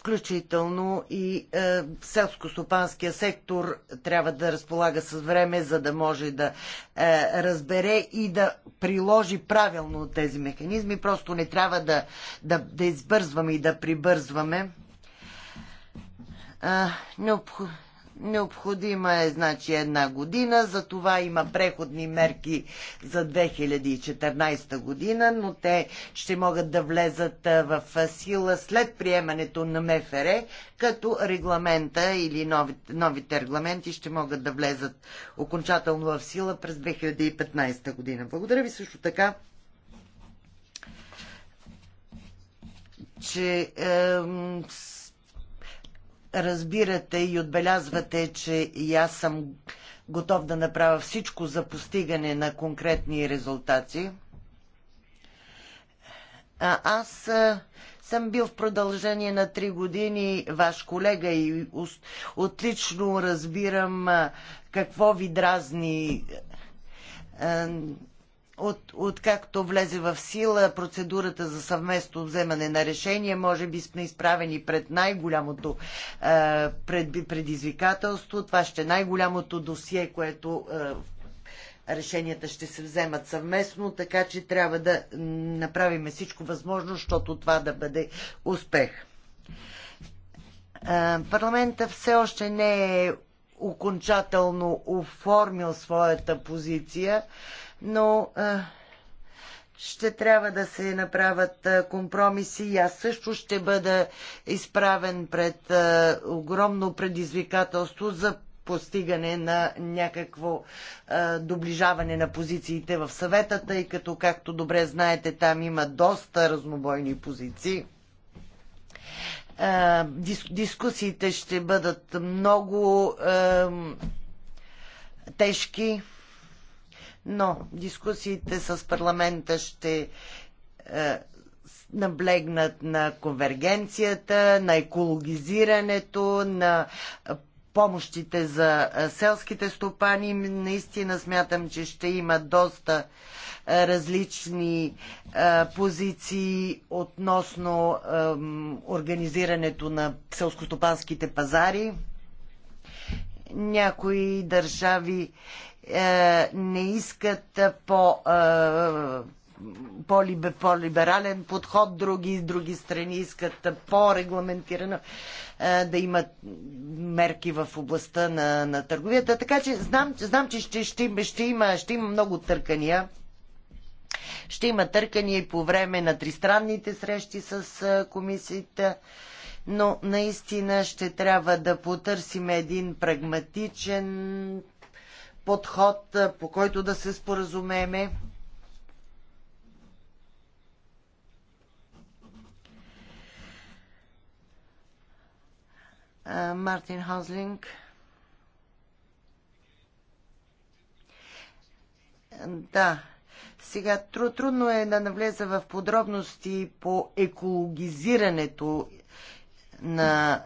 включително и е, селско-стопанския сектор трябва да разполага с време, за да може да разбере и да приложи правилно тези механизми. Просто не трябва да, да, да избързваме и да прибързваме необх... Необходима е значи, една година, за това има преходни мерки за 2014 година, но те ще могат да влезат в сила след приемането на МФР, като регламента или новите, новите регламенти ще могат да влезат окончателно в сила през 2015 година. Благодаря ви също така. че е, разбирате и отбелязвате, че и аз съм готов да направя всичко за постигане на конкретни резултати. А, аз а, съм бил в продължение на три години ваш колега и отлично разбирам а, какво ви дразни. А, от, откакто влезе в сила процедурата за съвместно вземане на решение, може би сме изправени пред най-голямото е, пред, предизвикателство. Това ще е най-голямото досие, което е, решенията ще се вземат съвместно, така че трябва да направим всичко възможно, защото това да бъде успех. Е, парламента все още не е окончателно оформил своята позиция но ще трябва да се направят компромиси и аз също ще бъда изправен пред огромно предизвикателство за постигане на някакво а, доближаване на позициите в съвета, тъй като, както добре знаете, там има доста разнобойни позиции. дис, дискусиите ще бъдат много тежки но дискусиите с парламента ще е, наблегнат на конвергенцията, на екологизирането, на помощите за е, селските стопани. Наистина смятам, че ще има доста е, различни е, позиции относно организирането на селскостопанските пазари. Някои държави е, не искат е, по е, по-либерален подход, други, други страни искат по-регламентирано да имат мерки в областта на, на търговията. Така че знам, знам че ще, ще, ще, има, ще има много търкания. Ще има търкания и по време на тристранните срещи с комисията, но наистина ще трябва да потърсим един прагматичен подход, по който да се споразумеме. Мартин Хозлинг. Да. Сега трудно е да навлеза в подробности по екологизирането на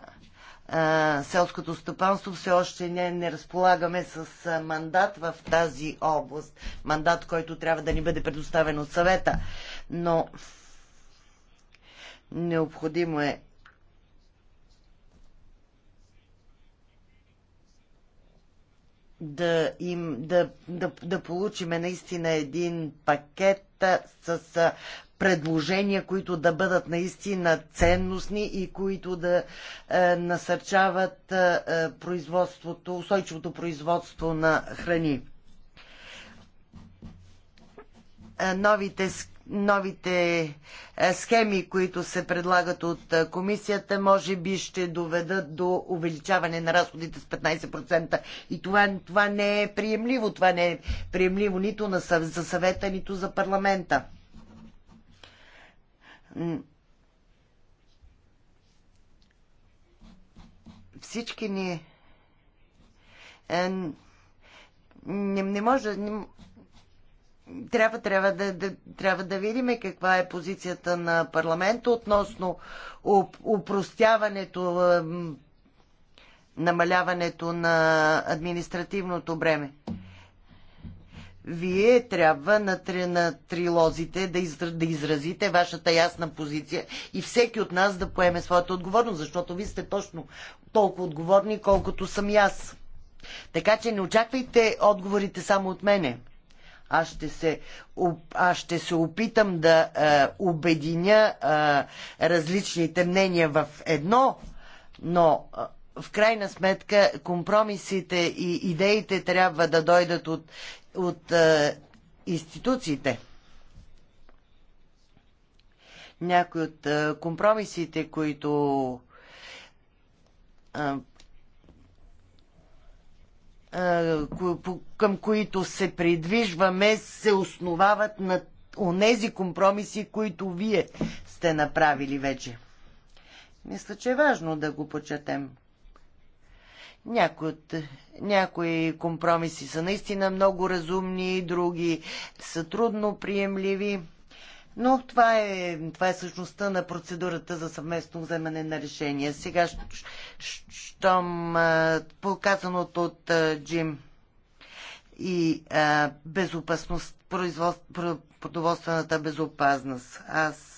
селското стопанство все още не, не разполагаме с мандат в тази област. Мандат, който трябва да ни бъде предоставен от съвета. Но необходимо е да, им, да, да, да получиме наистина един пакет с предложения, които да бъдат наистина ценностни и които да е, насърчават е, е производството, устойчивото производство на храни. Е, новите новите е, схеми, които се предлагат от комисията, може би ще доведат до увеличаване на разходите с 15%. И това, това не е приемливо. Това не е приемливо нито на, за съвета, нито за парламента. Всички ни е, не, не може. Не, трябва, трябва, да, да, трябва да видим каква е позицията на парламента относно упростяването, е, намаляването на административното бреме вие трябва на, три, на трилозите да, из, да изразите вашата ясна позиция и всеки от нас да поеме своята отговорност, защото вие сте точно толкова отговорни, колкото съм и аз. Така че не очаквайте отговорите само от мене. Аз ще се, аз ще се опитам да е, обединя е, различните мнения в едно, но е, в крайна сметка компромисите и идеите трябва да дойдат от от а, е, институциите. Някои от а, е, компромисите, които е, към които се придвижваме, се основават на онези компромиси, които вие сте направили вече. Мисля, че е важно да го почетем. Някои, от, някои компромиси са наистина много разумни, други са трудно приемливи. Но това е, това е същността на процедурата за съвместно вземане на решения. Сега, щом показаното от а, Джим и а, безопасност, производ, продоволствената безопасност, аз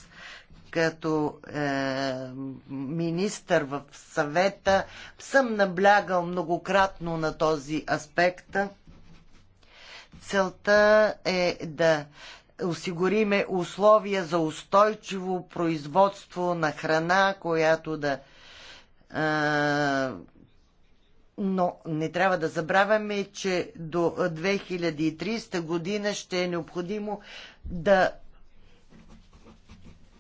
като е, министър в съвета съм наблягал многократно на този аспект. Целта е да осигуриме условия за устойчиво производство на храна, която да. Е, но не трябва да забравяме, че до 2030 година ще е необходимо да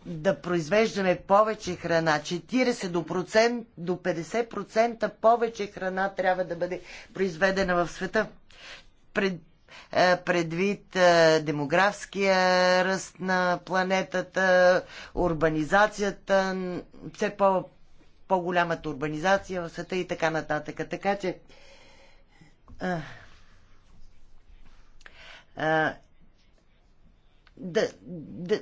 да произвеждаме повече храна, 40 до, процент, до 50% повече храна трябва да бъде произведена в света. Пред, е, предвид е, демографския ръст на планетата, урбанизацията, все по, по-голямата урбанизация в света и така нататък. Така че а, е, а, да, да,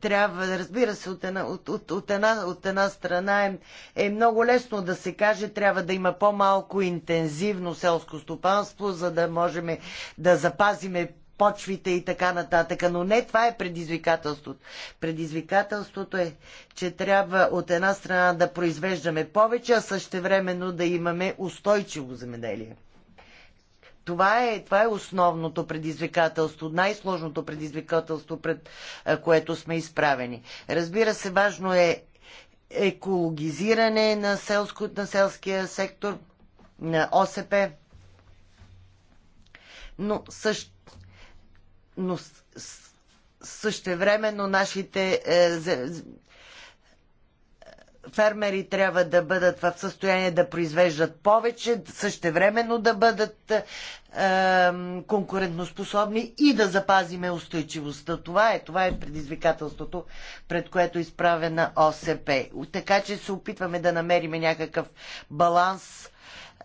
трябва, разбира се, от една, от, от, от една, от една страна е, е много лесно да се каже, трябва да има по-малко интензивно селско стопанство, за да можем да запазиме почвите и така нататък. Но не това е предизвикателството. Предизвикателството е, че трябва от една страна да произвеждаме повече, а същевременно да имаме устойчиво земеделие това е, това е основното предизвикателство, най-сложното предизвикателство, пред което сме изправени. Разбира се, важно е екологизиране на, селско, на селския сектор, на ОСП, но, също, но същевременно нашите е, фермери трябва да бъдат в състояние да произвеждат повече, същевременно да бъдат е, конкурентоспособни и да запазиме устойчивостта. Това е, това е предизвикателството, пред което е изправена ОСП. Така че се опитваме да намерим някакъв баланс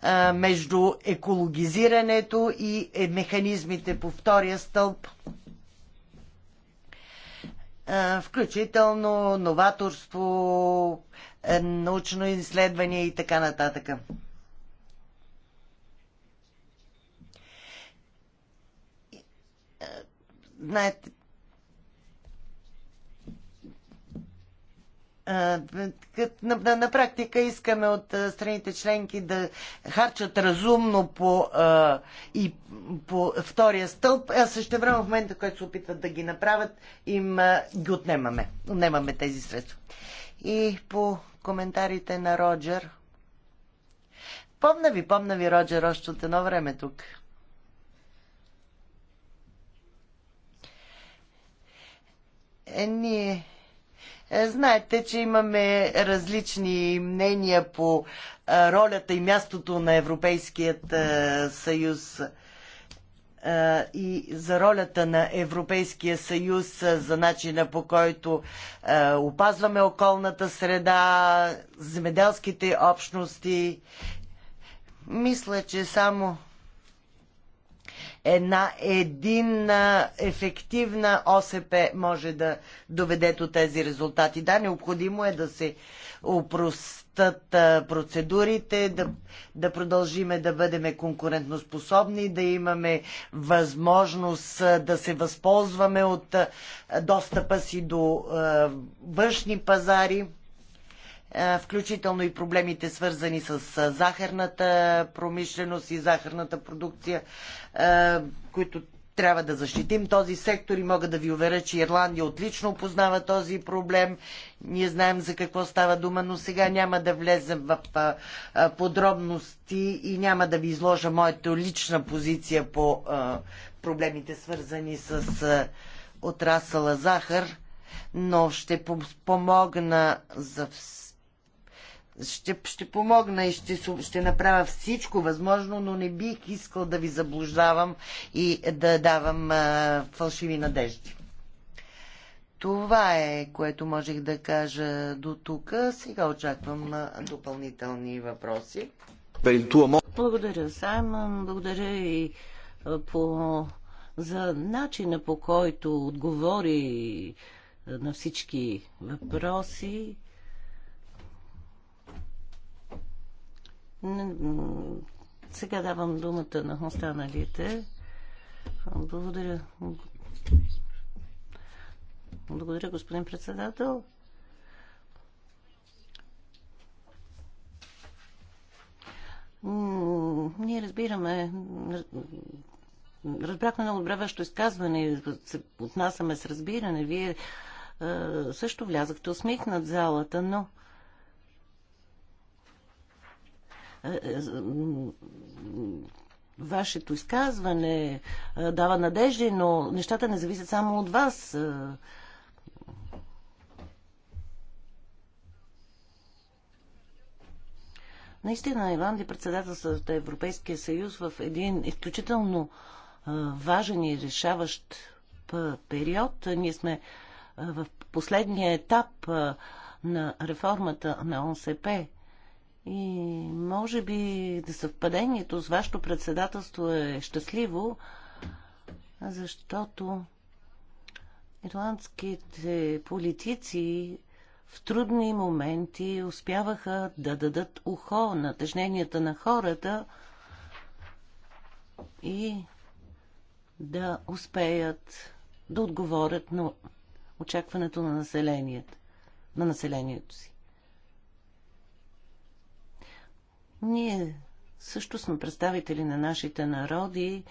е, между екологизирането и е, механизмите по втория стълб е, включително новаторство, е, научно изследване и така нататък. Е, знаете, е, на, практика искаме от страните членки да харчат разумно по, и по втория стълб, а също време в момента, който се опитват да ги направят, им ги отнемаме. Отнемаме тези средства. И по коментарите на Роджер. Помна ви, помна ви, Роджер, още от едно време тук. Е, ние е, Знаете, че имаме различни мнения по е, ролята и мястото на Европейският е, съюз и за ролята на Европейския съюз, за начина по който опазваме околната среда, земеделските общности. Мисля, че само една единна, ефективна ОСП може да доведе до тези резултати. Да, необходимо е да се упрости упростат процедурите, да, да продължиме да бъдем конкурентноспособни, да имаме възможност да се възползваме от достъпа си до външни пазари включително и проблемите свързани с захарната промишленост и захарната продукция, които трябва да защитим този сектор и мога да ви уверя, че Ирландия отлично познава този проблем. Ние знаем за какво става дума, но сега няма да влезем в подробности и няма да ви изложа моята лична позиция по проблемите, свързани с отрасъла захар, но ще помогна за всички ще, ще помогна и ще, ще направя всичко възможно, но не бих искал да ви заблуждавам и да давам а, фалшиви надежди. Това е, което можех да кажа до тук. Сега очаквам допълнителни въпроси. Благодаря, Саймон. Благодаря и по, за начина по който отговори на всички въпроси. Сега давам думата на останалите. Благодаря. Благодаря, господин председател. Ние разбираме, разбрахме много добре вашето изказване, се отнасяме с разбиране. Вие също влязахте усмихнат залата, но вашето изказване дава надежди, но нещата не зависят само от вас. Наистина Ирландия председателствата Европейския съюз в един изключително важен и решаващ период. Ние сме в последния етап на реформата на ОНСП. И може би да съвпадението с вашето председателство е щастливо, защото ирландските политици в трудни моменти успяваха да дадат ухо на тъжненията на хората и да успеят да отговорят на очакването на населението, на населението си. Ние също сме представители на нашите народи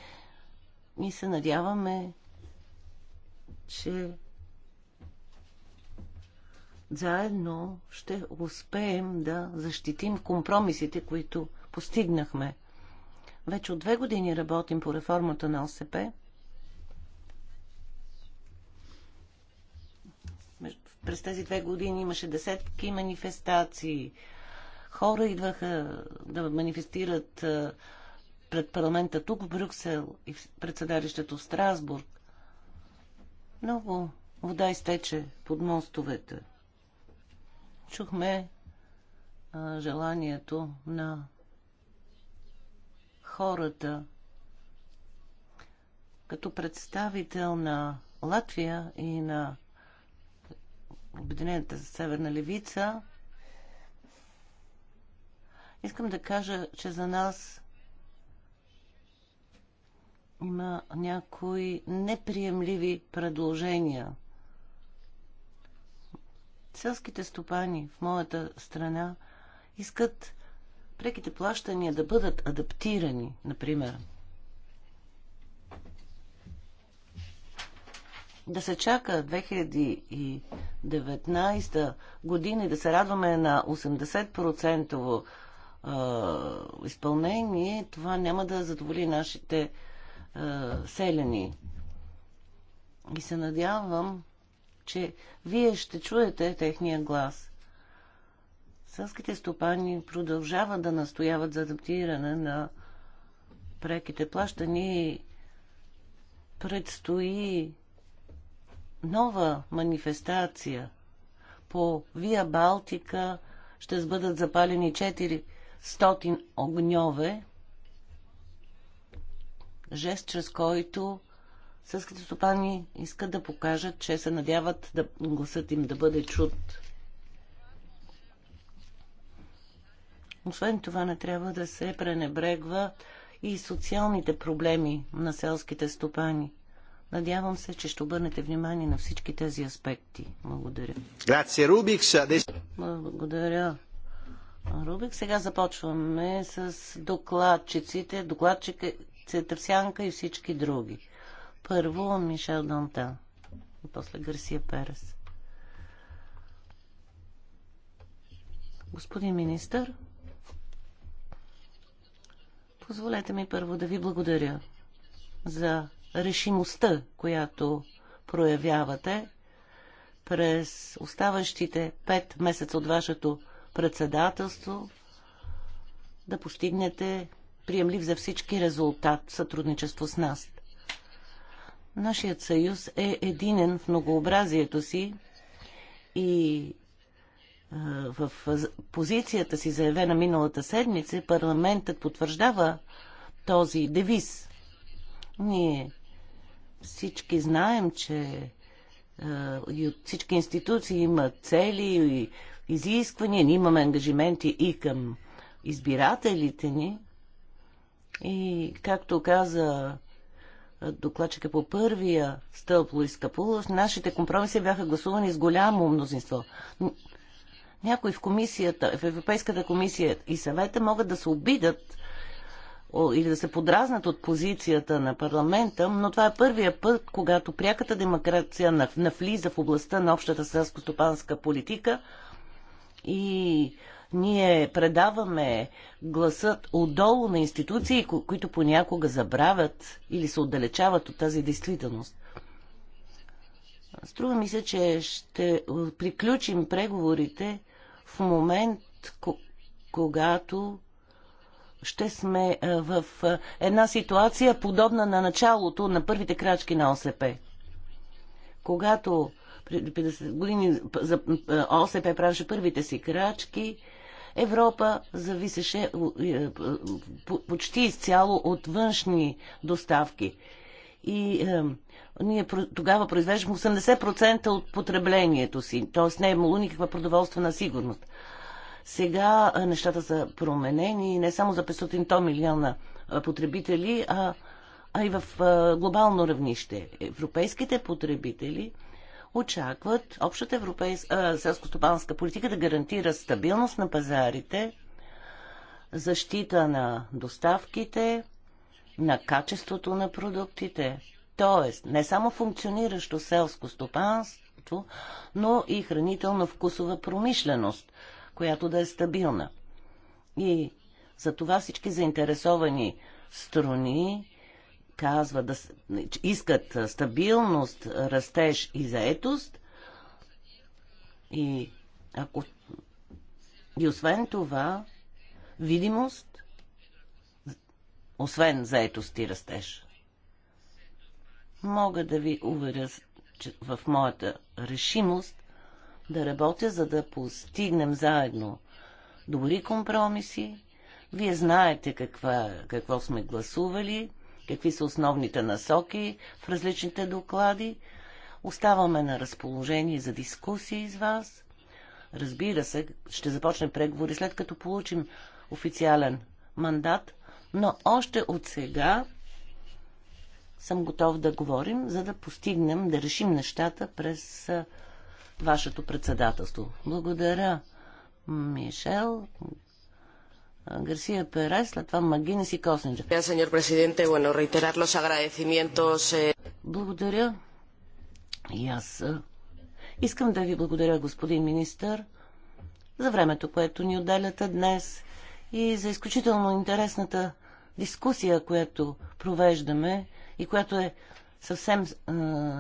и се надяваме, че заедно ще успеем да защитим компромисите, които постигнахме. Вече от две години работим по реформата на ОСП. През тези две години имаше десетки манифестации, Хора идваха да манифестират пред парламента тук в Брюксел и пред седалището в Страсбург. Много вода изтече под мостовете. Чухме а, желанието на хората като представител на Латвия и на Обединената Северна Левица Искам да кажа, че за нас има някои неприемливи предложения. Селските стопани в моята страна искат преките плащания да бъдат адаптирани, например. Да се чака 2019 година и да се радваме на 80% изпълнение, това няма да задоволи нашите селени. И се надявам, че вие ще чуете техния глас. Сънските стопани продължават да настояват за адаптиране на преките плащания и предстои нова манифестация. По Вия Балтика ще бъдат запалени четири стотин огньове, жест, чрез който сълските стопани искат да покажат, че се надяват да гласът им да бъде чут. Освен това не трябва да се пренебрегва и социалните проблеми на селските стопани. Надявам се, че ще обърнете внимание на всички тези аспекти. Благодаря. Благодаря. Рубик. Сега започваме с докладчиците, Докладчика Цетърсянка и всички други. Първо Мишел Донта, и после Гарсия Перес. Господин министър, позволете ми първо да ви благодаря за решимостта, която проявявате през оставащите пет месеца от вашето председателство да постигнете приемлив за всички резултат сътрудничество с нас. Нашият съюз е единен в многообразието си и в позицията си заявена миналата седмица, парламентът потвърждава този девиз. Ние всички знаем, че и от всички институции имат цели и изисквания, ние имаме ангажименти и към избирателите ни. И както каза докладчика по първия стълб Луис Капулов, нашите компромиси бяха гласувани с голямо мнозинство. Някои в комисията, в Европейската комисия и съвета могат да се обидат или да се подразнат от позицията на парламента, но това е първия път, когато пряката демокрация навлиза в областта на общата селско-стопанска политика – и ние предаваме гласът отдолу на институции, които понякога забравят или се отдалечават от тази действителност. Струва ми се, че ще е, приключим преговорите в момент, когато ще сме е, в е, една ситуация подобна на началото на първите крачки на ОСП. Когато преди 50 години ОСП правеше първите си крачки, Европа зависеше е, почти изцяло от външни доставки. И е, ние тогава произвеждахме 80% от потреблението си, т.е. не е имало никаква продоволствена сигурност. Сега е, нещата са променени не само за 500 милиона е, потребители, а, а и в глобално равнище. Европейските потребители – очакват общата селско-стопанска политика да гарантира стабилност на пазарите, защита на доставките, на качеството на продуктите. Тоест, не само функциониращо селско стопанство, но и хранително-вкусова промишленост, която да е стабилна. И за това всички заинтересовани страни казва да искат стабилност, растеж и заетост. И, ако... и освен това, видимост, освен заетост и растеж. Мога да ви уверя че в моята решимост да работя, за да постигнем заедно добри компромиси. Вие знаете каква, какво сме гласували какви са основните насоки в различните доклади. Оставаме на разположение за дискусии с вас. Разбира се, ще започнем преговори след като получим официален мандат, но още от сега съм готов да говорим, за да постигнем, да решим нещата през вашето председателство. Благодаря, Мишел. Гарсия Перес, след това Магинес и Косенджа. Eh. Благодаря. И аз искам да ви благодаря, господин министър, за времето, което ни отделяте днес и за изключително интересната дискусия, която провеждаме и която е съвсем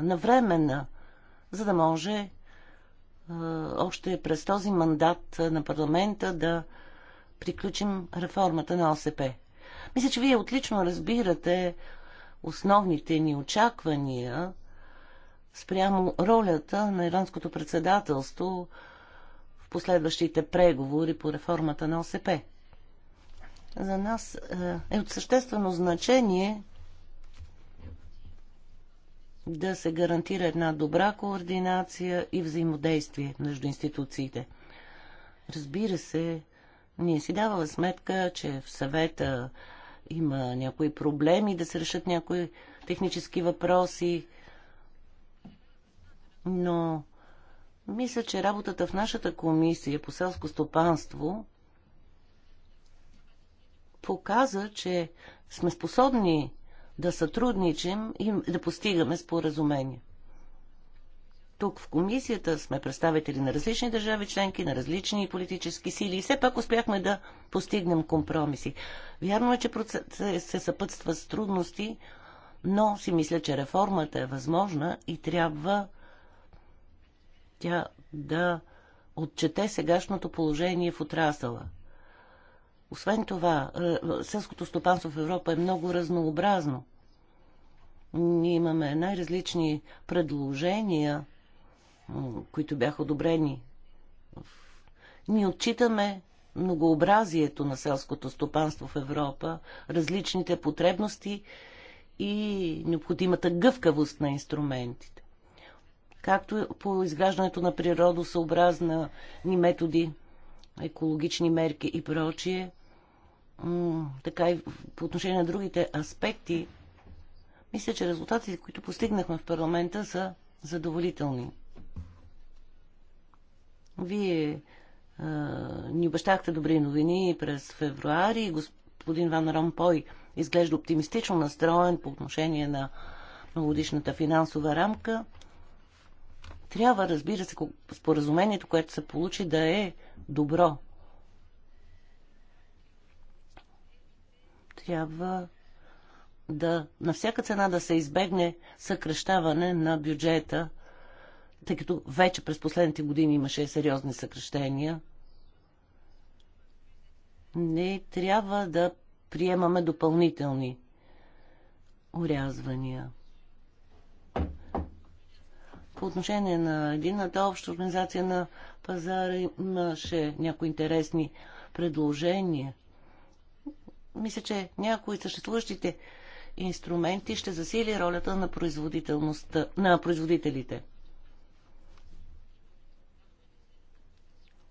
навременна, за да може още през този мандат на парламента да приключим реформата на ОСП. Мисля, че вие отлично разбирате основните ни очаквания спрямо ролята на иранското председателство в последващите преговори по реформата на ОСП. За нас е, е от съществено значение да се гарантира една добра координация и взаимодействие между институциите. Разбира се, ние си давала сметка, че в съвета има някои проблеми да се решат някои технически въпроси, но мисля, че работата в нашата комисия по селско стопанство показа, че сме способни да сътрудничим и да постигаме споразумение тук в комисията сме представители на различни държави членки, на различни политически сили и все пак успяхме да постигнем компромиси. Вярно е, че се съпътства с трудности, но си мисля, че реформата е възможна и трябва тя да отчете сегашното положение в отрасъла. Освен това, е, селското стопанство в Европа е много разнообразно. Ние имаме най-различни предложения които бяха одобрени. Ние отчитаме многообразието на селското стопанство в Европа, различните потребности и необходимата гъвкавост на инструментите. Както по изграждането на природосъобразна ни методи, екологични мерки и прочие, така и по отношение на другите аспекти, мисля, че резултатите, които постигнахме в парламента, са задоволителни. Вие а, ни обещахте добри новини през февруари. Господин Ван Ромпой изглежда оптимистично настроен по отношение на многодишната финансова рамка. Трябва, разбира се, споразумението, което се получи, да е добро. Трябва да на всяка цена да се избегне съкръщаване на бюджета тъй като вече през последните години имаше сериозни съкрещения, не трябва да приемаме допълнителни урязвания. По отношение на едината обща организация на пазара имаше някои интересни предложения. Мисля, че някои съществуващите инструменти ще засили ролята на, производителността, на производителите.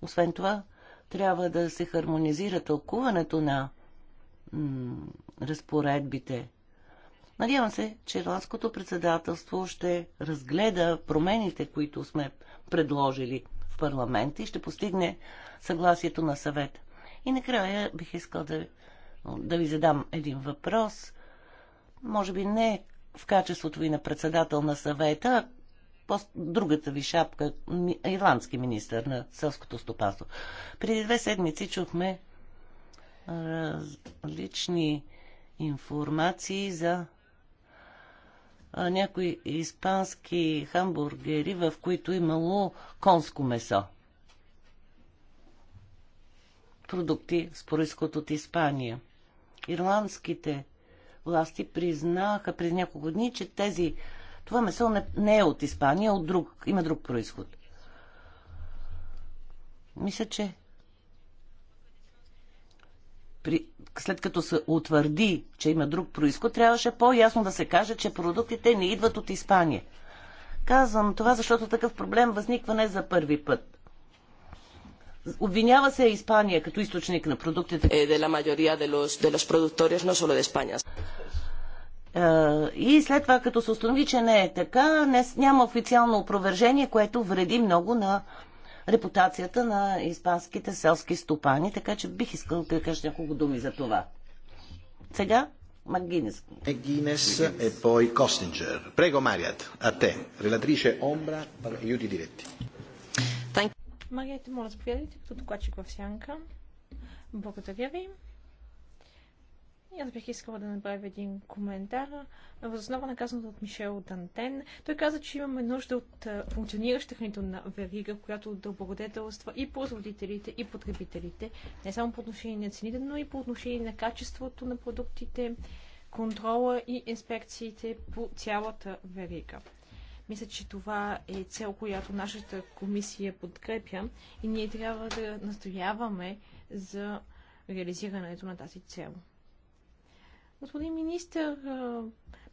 Освен това, трябва да се хармонизира тълкуването на разпоредбите. Надявам се, че Ирландското председателство ще разгледа промените, които сме предложили в парламента и ще постигне съгласието на съвет. И накрая бих искал да, да ви задам един въпрос. Може би не в качеството ви на председател на съвета, другата ви шапка, ирландски министр на селското стопанство. Преди две седмици чухме различни информации за някои испански хамбургери, в които имало конско месо. Продукти с происход от Испания. Ирландските власти признаха през няколко дни, че тези това месо не, не е от Испания, е от друг, има друг происход. Мисля, че при, след като се утвърди, че има друг происход, трябваше по-ясно да се каже, че продуктите не идват от Испания. Казвам това, защото такъв проблем възниква не за първи път. Обвинява се Испания като източник на продуктите. De la mayoría de los, de los productores, no solo de España. Е, и след това, като се установи, че не е така, не, няма официално опровержение, което вреди много на репутацията на испанските селски стопани, така че бих искал да кажа няколко думи за това. Сега Магинес. Магинес е пой Костинджер. Прего, Марият, а те, релатрише Омбра, Юди diretti. Марият, моля, заповядайте като докладчик в сянка. Благодаря ви. И аз бих искала да направя един коментар въз основа на казаното от Мишел Дантен. Той каза, че имаме нужда от функционираща хранителна верига, която да облагодетелства и производителите, и потребителите. Не само по отношение на цените, но и по отношение на качеството на продуктите, контрола и инспекциите по цялата верига. Мисля, че това е цел, която нашата комисия подкрепя и ние трябва да настояваме за реализирането на тази цел. Господин министр,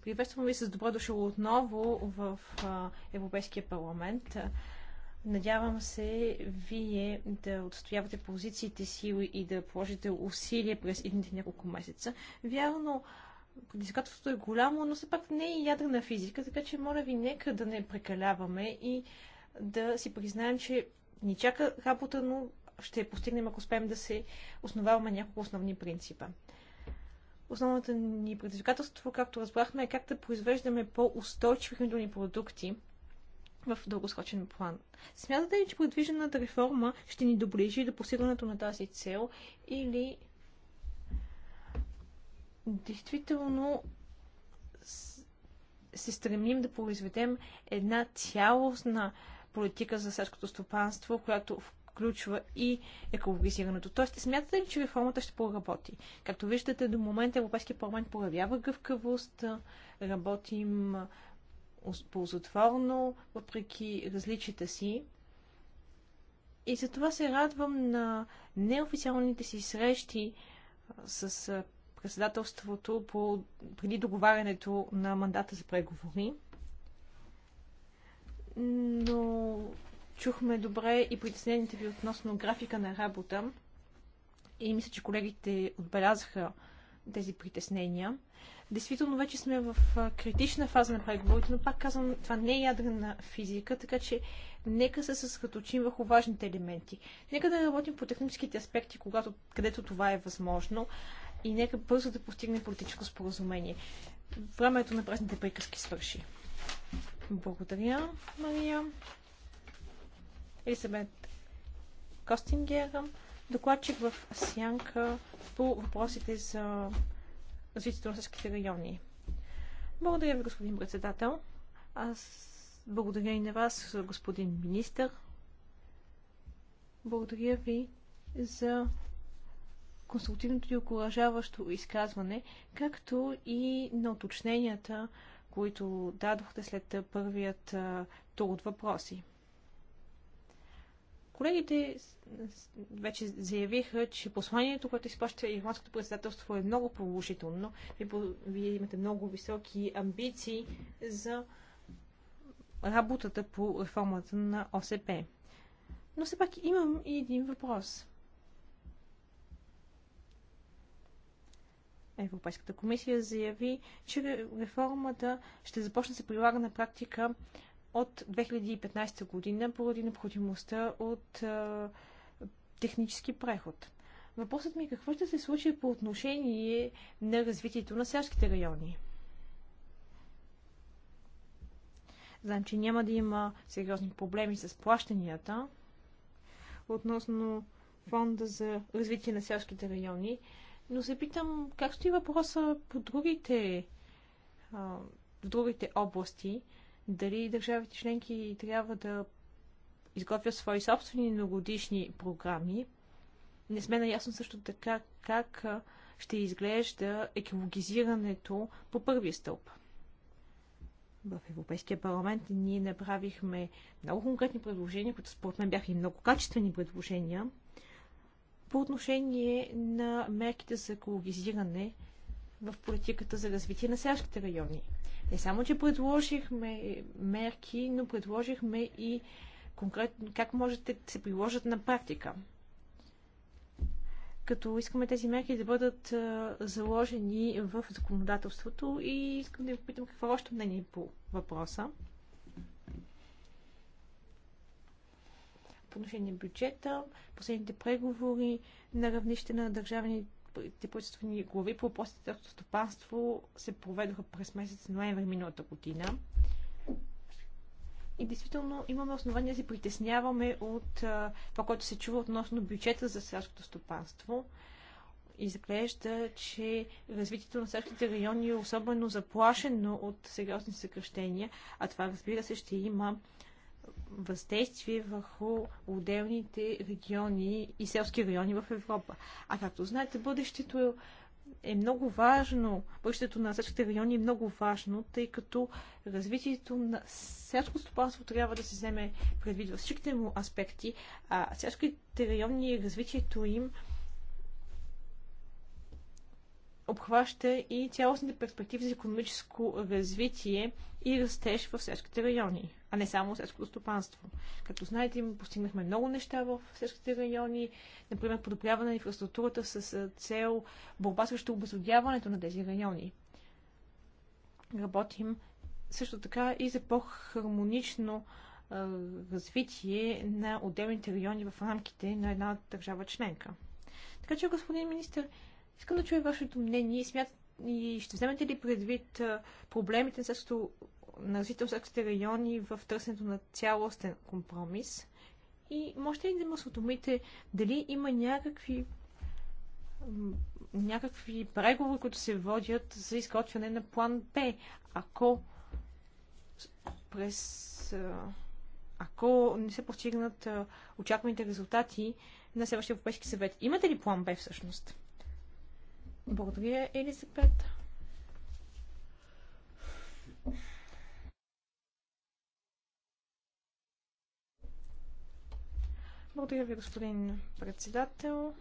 приветствам ви с добро дошъл отново в Европейския парламент. Надявам се вие да отстоявате позициите си и да положите усилия през едните няколко месеца. Вярно, предизвикателството е голямо, но все пак не е и ядрена физика, така че моля ви, нека да не прекаляваме и да си признаем, че ни чака работа, но ще постигнем, ако успеем да се основаваме няколко основни принципа. Основната ни предизвикателство, както разбрахме, е как да произвеждаме по-устойчиви хранителни продукти в дългосрочен план. Смятате ли, че предвижената реформа ще ни доближи до постигането на тази цел или действително се стремим да произведем една цялостна политика за селското стопанство, която включва и екологизирането. Тоест, смятате ли, че реформата ще поработи. Както виждате, до момента Европейския парламент проявява гъвкавост, работим ползотворно, въпреки различията си. И за това се радвам на неофициалните си срещи с председателството по, преди договарянето на мандата за преговори. Но Чухме добре и притеснените ви относно графика на работа. И мисля, че колегите отбелязаха тези притеснения. Действително вече сме в критична фаза на преговорите, но пак казвам, това не е ядрена физика, така че нека се съсредоточим върху важните елементи. Нека да работим по техническите аспекти, когато, където това е възможно и нека бързо да постигнем политическо споразумение. Времето на празните приказки свърши. Благодаря, Мария. Елизабет Костингер, докладчик в Сянка по въпросите за развитието на сърските райони. Благодаря ви, господин председател. Аз благодаря и на вас, господин министър. Благодаря ви за конструктивното и окоръжаващо изказване, както и на уточненията, които дадохте след първият тур от въпроси. Колегите вече заявиха, че посланието, което изплаща ирландското председателство е много положително. Вие имате много високи амбиции за работата по реформата на ОСП. Но все пак имам и един въпрос. Европейската комисия заяви, че реформата ще започне да се прилага на практика от 2015 година поради необходимостта от а, технически преход. Въпросът ми е какво ще се случи по отношение на развитието на селските райони? Знам, че няма да има сериозни проблеми с плащанията относно фонда за развитие на селските райони, но се питам как стои въпроса по другите, а, другите области, дали държавите членки трябва да изготвят свои собствени многодишни програми. Не сме наясно също така как ще изглежда екологизирането по първи стълб. В Европейския парламент ние направихме много конкретни предложения, които според мен бяха и много качествени предложения по отношение на мерките за екологизиране, в политиката за развитие на селските райони. Не само, че предложихме мерки, но предложихме и конкретно как можете да се приложат на практика. Като искаме тези мерки да бъдат заложени в законодателството и искам да ви попитам какво още мнение по въпроса. По отношение бюджета, последните преговори на равнище на държавните правителствени глави по въпросите търсто стопанство се проведоха през месец ноември миналата година. И действително имаме основания да се притесняваме от а, това, което се чува относно бюджета за селското стопанство. и заглежда, че развитието на селските райони е особено заплашено от сериозни съкръщения, а това разбира се ще има въздействие върху отделните региони и селски райони в Европа. А както знаете, бъдещето е много важно, бъдещето на селските райони е много важно, тъй като развитието на селското стопанство трябва да се вземе предвид във всичките му аспекти, а селските райони и развитието им обхваща и цялостните перспективи за економическо развитие и растеж в селските райони, а не само селското стопанство. Като знаете, постигнахме много неща в селските райони, например подобряване на инфраструктурата с цел борба срещу обезлюдяването на тези райони. Работим също така и за по-хармонично развитие на отделните райони в рамките на една държава членка. Така че, господин министр, Искам да чуя вашето мнение. Смят... И ще вземете ли предвид проблемите на, сексто... на развитие райони в търсенето на цялостен компромис? И можете ли да ме осведомите дали има някакви някакви преговори, които се водят за изготвяне на план Б. Ако през ако не се постигнат очакваните резултати на следващия Европейски съвет. Имате ли план Б всъщност? Благодаря, Елизабет. Благодаря ви, господин председател.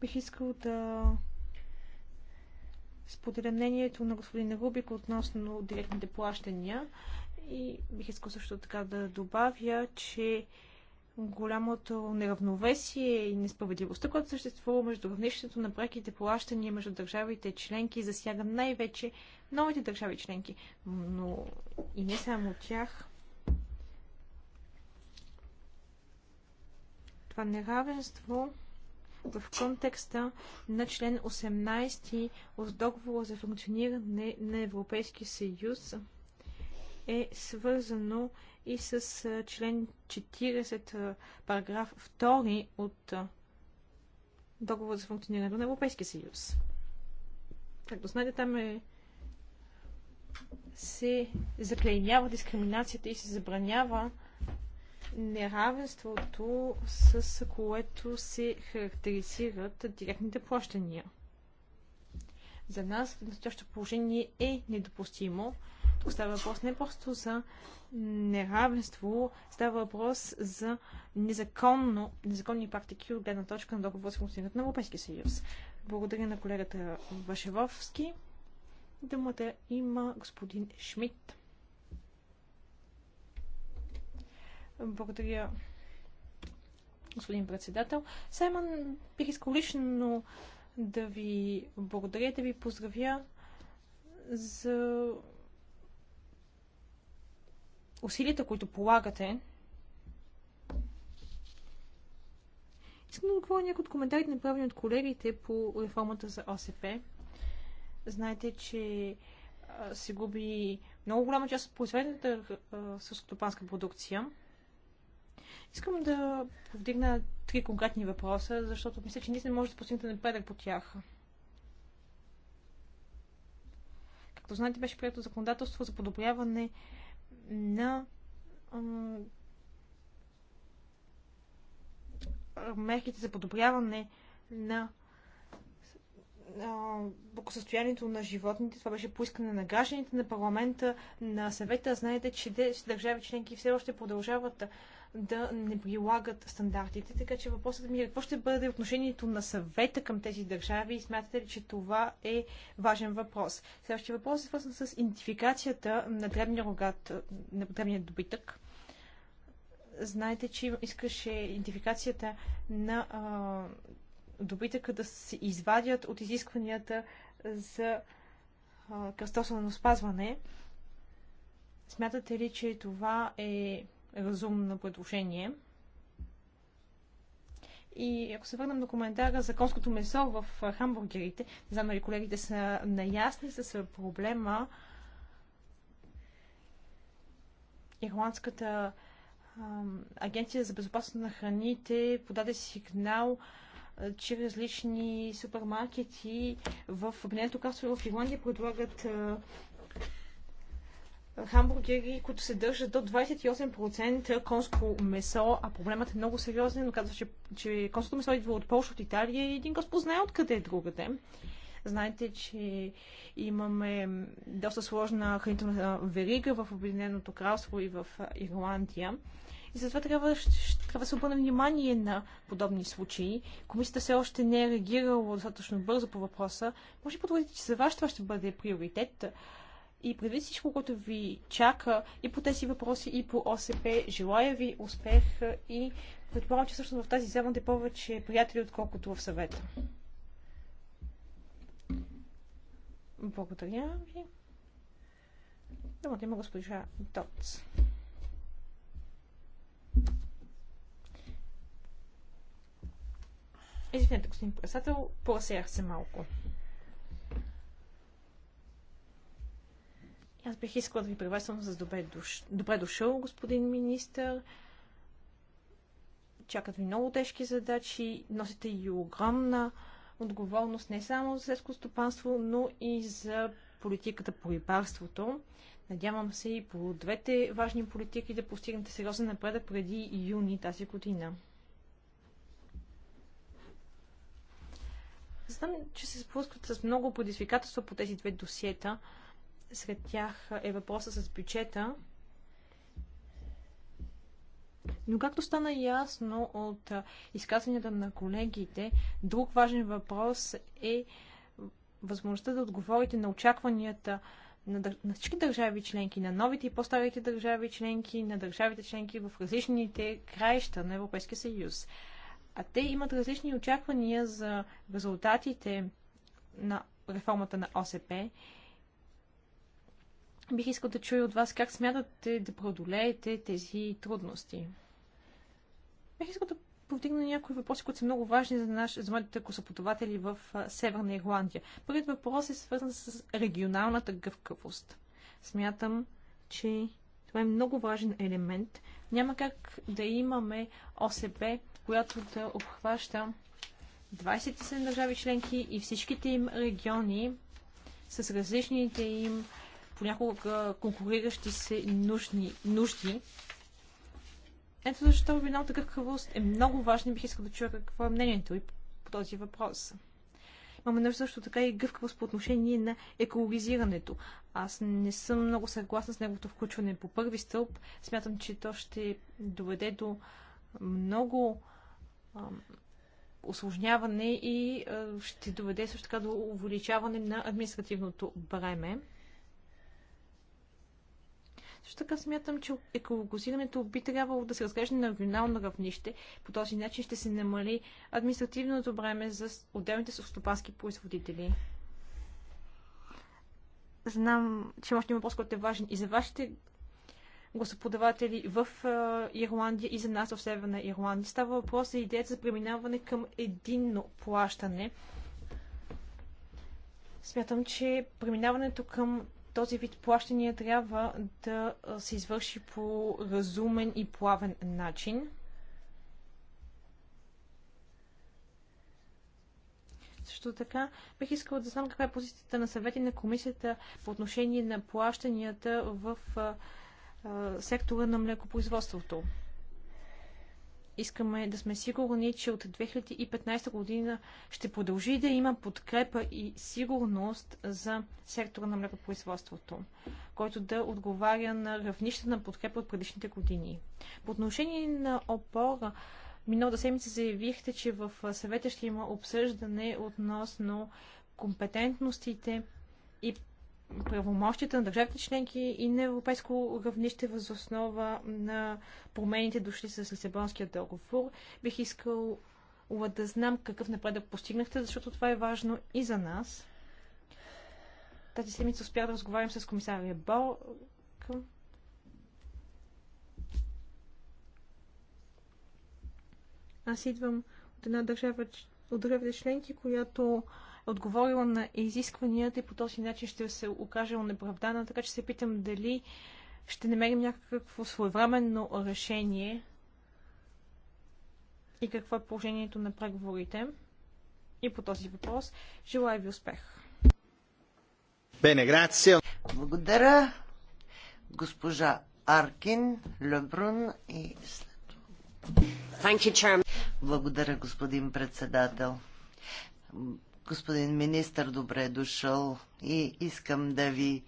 Бих искал да споделя мнението на господин Рубик относно директните плащания. И бих искал също така да добавя, че голямото неравновесие и несправедливостта, която съществува между равнището на преките плащания между държавите членки, засяга най-вече новите държави членки. Но и не само тях. Това неравенство в контекста на член 18 от договора за функциониране на Европейския съюз е свързано и с член 40, параграф 2 от договор за функционирането на Европейския съюз. Както знаете, там е се заклеймява дискриминацията и се забранява неравенството, с което се характеризират директните плащания. За нас настоящото положение е недопустимо тук става въпрос не просто за неравенство, става въпрос за незаконно, незаконни практики от гледна точка на договор с функционирането на Европейския съюз. Благодаря на колегата Вашевовски. Думата има господин Шмидт. Благодаря, господин председател. Саймън, бих искал лично да ви благодаря, да ви поздравя за усилията, които полагате. Искам да отговоря някои от коментарите, направени от колегите по реформата за ОСП. Знаете, че се губи много голяма част от произведената сълскотопанска продукция. Искам да повдигна три конкретни въпроса, защото мисля, че наистина може да постигнете напредък по тях. Както знаете, беше прието законодателство за подобряване на мерките за подобряване на благосъстоянието на животните. Това беше поискане на гражданите, на парламента, на съвета. Знаете, че държави членки все още продължават да не прилагат стандартите. Така че въпросът ми е какво ще бъде отношението на съвета към тези държави и смятате ли, че това е важен въпрос? Следващия въпрос е свързан с идентификацията на дребния рогат, на дребния добитък. Знаете, че искаше идентификацията на а, добитъка да се извадят от изискванията за кръстосано спазване. Смятате ли, че това е разумно предложение. И ако се върнем до коментара за конското месо в хамбургерите, не знам дали колегите са наясни с проблема. Ирландската агенция за безопасност на храните подаде сигнал, че различни супермаркети в Обединеното кралство в Ирландия предлагат хамбургери, които се държат до 28% конско месо, а проблемът е много сериозен, но казва, че, че конското месо идва от Польша, от Италия и един господ знае откъде е другаде. Знаете, че имаме доста сложна хранителна верига в Обединеното кралство и в Ирландия. И затова трябва, трябва да се обърне внимание на подобни случаи. Комисията все още не е реагирала достатъчно бързо по въпроса. Може би подводите, че за вас това ще бъде приоритет, и преди всичко, което ви чака и по тези въпроси, и по ОСП, желая ви успех и предполагам, че всъщност в тази зала те повече приятели, отколкото в съвета. Благодаря ви. Думата има госпожа Тотс. Извинете, господин председател, поразсеях се малко. Аз бих искала да ви приветствам с добре, душ... добре дошъл, господин министър. Чакат ви много тежки задачи, носите и огромна отговорност не само за селско стопанство, но и за политиката по рибарството. Надявам се и по двете важни политики да постигнете сериозен напредък преди юни тази година. Знам, че се сблъскват с много предизвикателства по тези две досиета, сред тях е въпроса с бюджета. Но както стана ясно от изказванията на колегите, друг важен въпрос е възможността да отговорите на очакванията на, дър... на всички държави членки, на новите и по-старите държави членки, на държавите членки в различните краища на Европейския съюз. А те имат различни очаквания за резултатите на реформата на ОСП Бих искал да чуя от вас как смятате да преодолеете тези трудности. Бих искал да повдигна някои въпроси, които са много важни за, наш, за моите косоподаватели в Северна Ирландия. Първият въпрос е свързан с регионалната гъвкавост. Смятам, че това е много важен елемент. Няма как да имаме ОСП, която да обхваща 27 държави членки и всичките им региони с различните им понякога конкуриращи се нужни, нужди. Ето защо вина от такъв кръвост е много важна и бих искал да чуя какво е мнението и по този въпрос. Имаме нужда също така и гъвкавост по отношение на екологизирането. Аз не съм много съгласна с неговото включване по първи стълб. Смятам, че то ще доведе до много осложняване и ще доведе също така до увеличаване на административното бреме. Също така смятам, че екологосирането би трябвало да се разглежда на регионално равнище. По този начин ще се намали административното бреме за отделните селскостопански производители. Знам, че още има въпрос, който е важен и за вашите гласоподаватели в Ирландия и за нас в Северна Ирландия. Става въпрос за идеята за преминаване към единно плащане. Смятам, че преминаването към този вид плащания трябва да се извърши по разумен и плавен начин. Също така, бих искала да знам каква е позицията на съвети на комисията по отношение на плащанията в сектора на млекопроизводството. Искаме да сме сигурни, че от 2015 година ще продължи да има подкрепа и сигурност за сектора на млекопроизводството, който да отговаря на равнище на подкрепа от предишните години. По отношение на опора, миналата седмица заявихте, че в съвета ще има обсъждане относно компетентностите и правомощията на държавите членки и на европейско равнище въз основа на промените дошли с Лисабонския договор. Бих искал да знам какъв напредък постигнахте, защото това е важно и за нас. Тази седмица успях да разговарям с комисария Бол. Аз идвам от една държава, от държавите членки, която е отговорила на изискванията и по този начин ще се окаже неправдана, така че се питам дали ще намерим някакво своевременно решение и какво е положението на преговорите. И по този въпрос желая ви успех. Бене, грация. Благодаря, госпожа Аркин, Лебрун и след Thank you, Благодаря, господин председател господин министър, добре е дошъл и искам да ви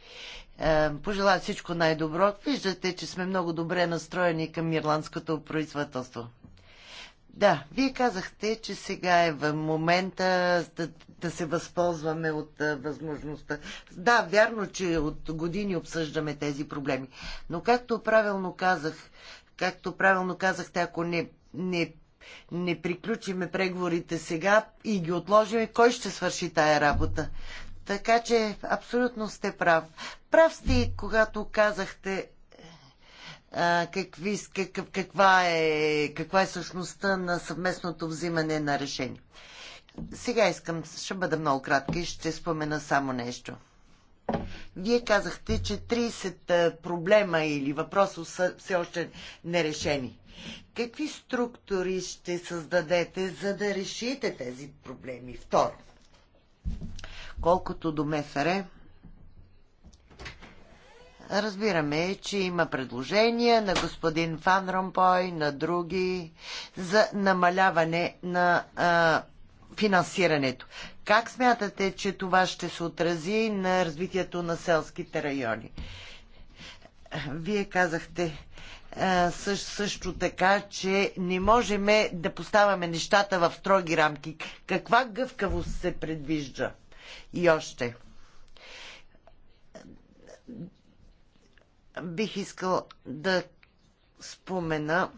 е, пожелая всичко най-добро. Виждате, че сме много добре настроени към ирландското производство. Да, вие казахте, че сега е в момента да, да се възползваме от а, е, възможността. Да, вярно, че от години обсъждаме тези проблеми. Но както правилно казах, както правилно казахте, ако не, не не приключиме преговорите сега и ги отложиме, кой ще свърши тая работа? Така че абсолютно сте прав. Прав сте и когато казахте а, какви, какъв, каква, е, каква е същността на съвместното взимане на решение. Сега искам, ще бъда много кратка и ще спомена само нещо. Вие казахте, че 30 проблема или въпроса са все още нерешени. Какви структури ще създадете, за да решите тези проблеми? Второ, колкото до МФР, Разбираме, че има предложения на господин Фан Ромпой, на други за намаляване на а, финансирането. Как смятате, че това ще се отрази на развитието на селските райони? Вие казахте също, също така, че не можем да поставяме нещата в строги рамки. Каква гъвкавост се предвижда? И още. Бих искал да спомена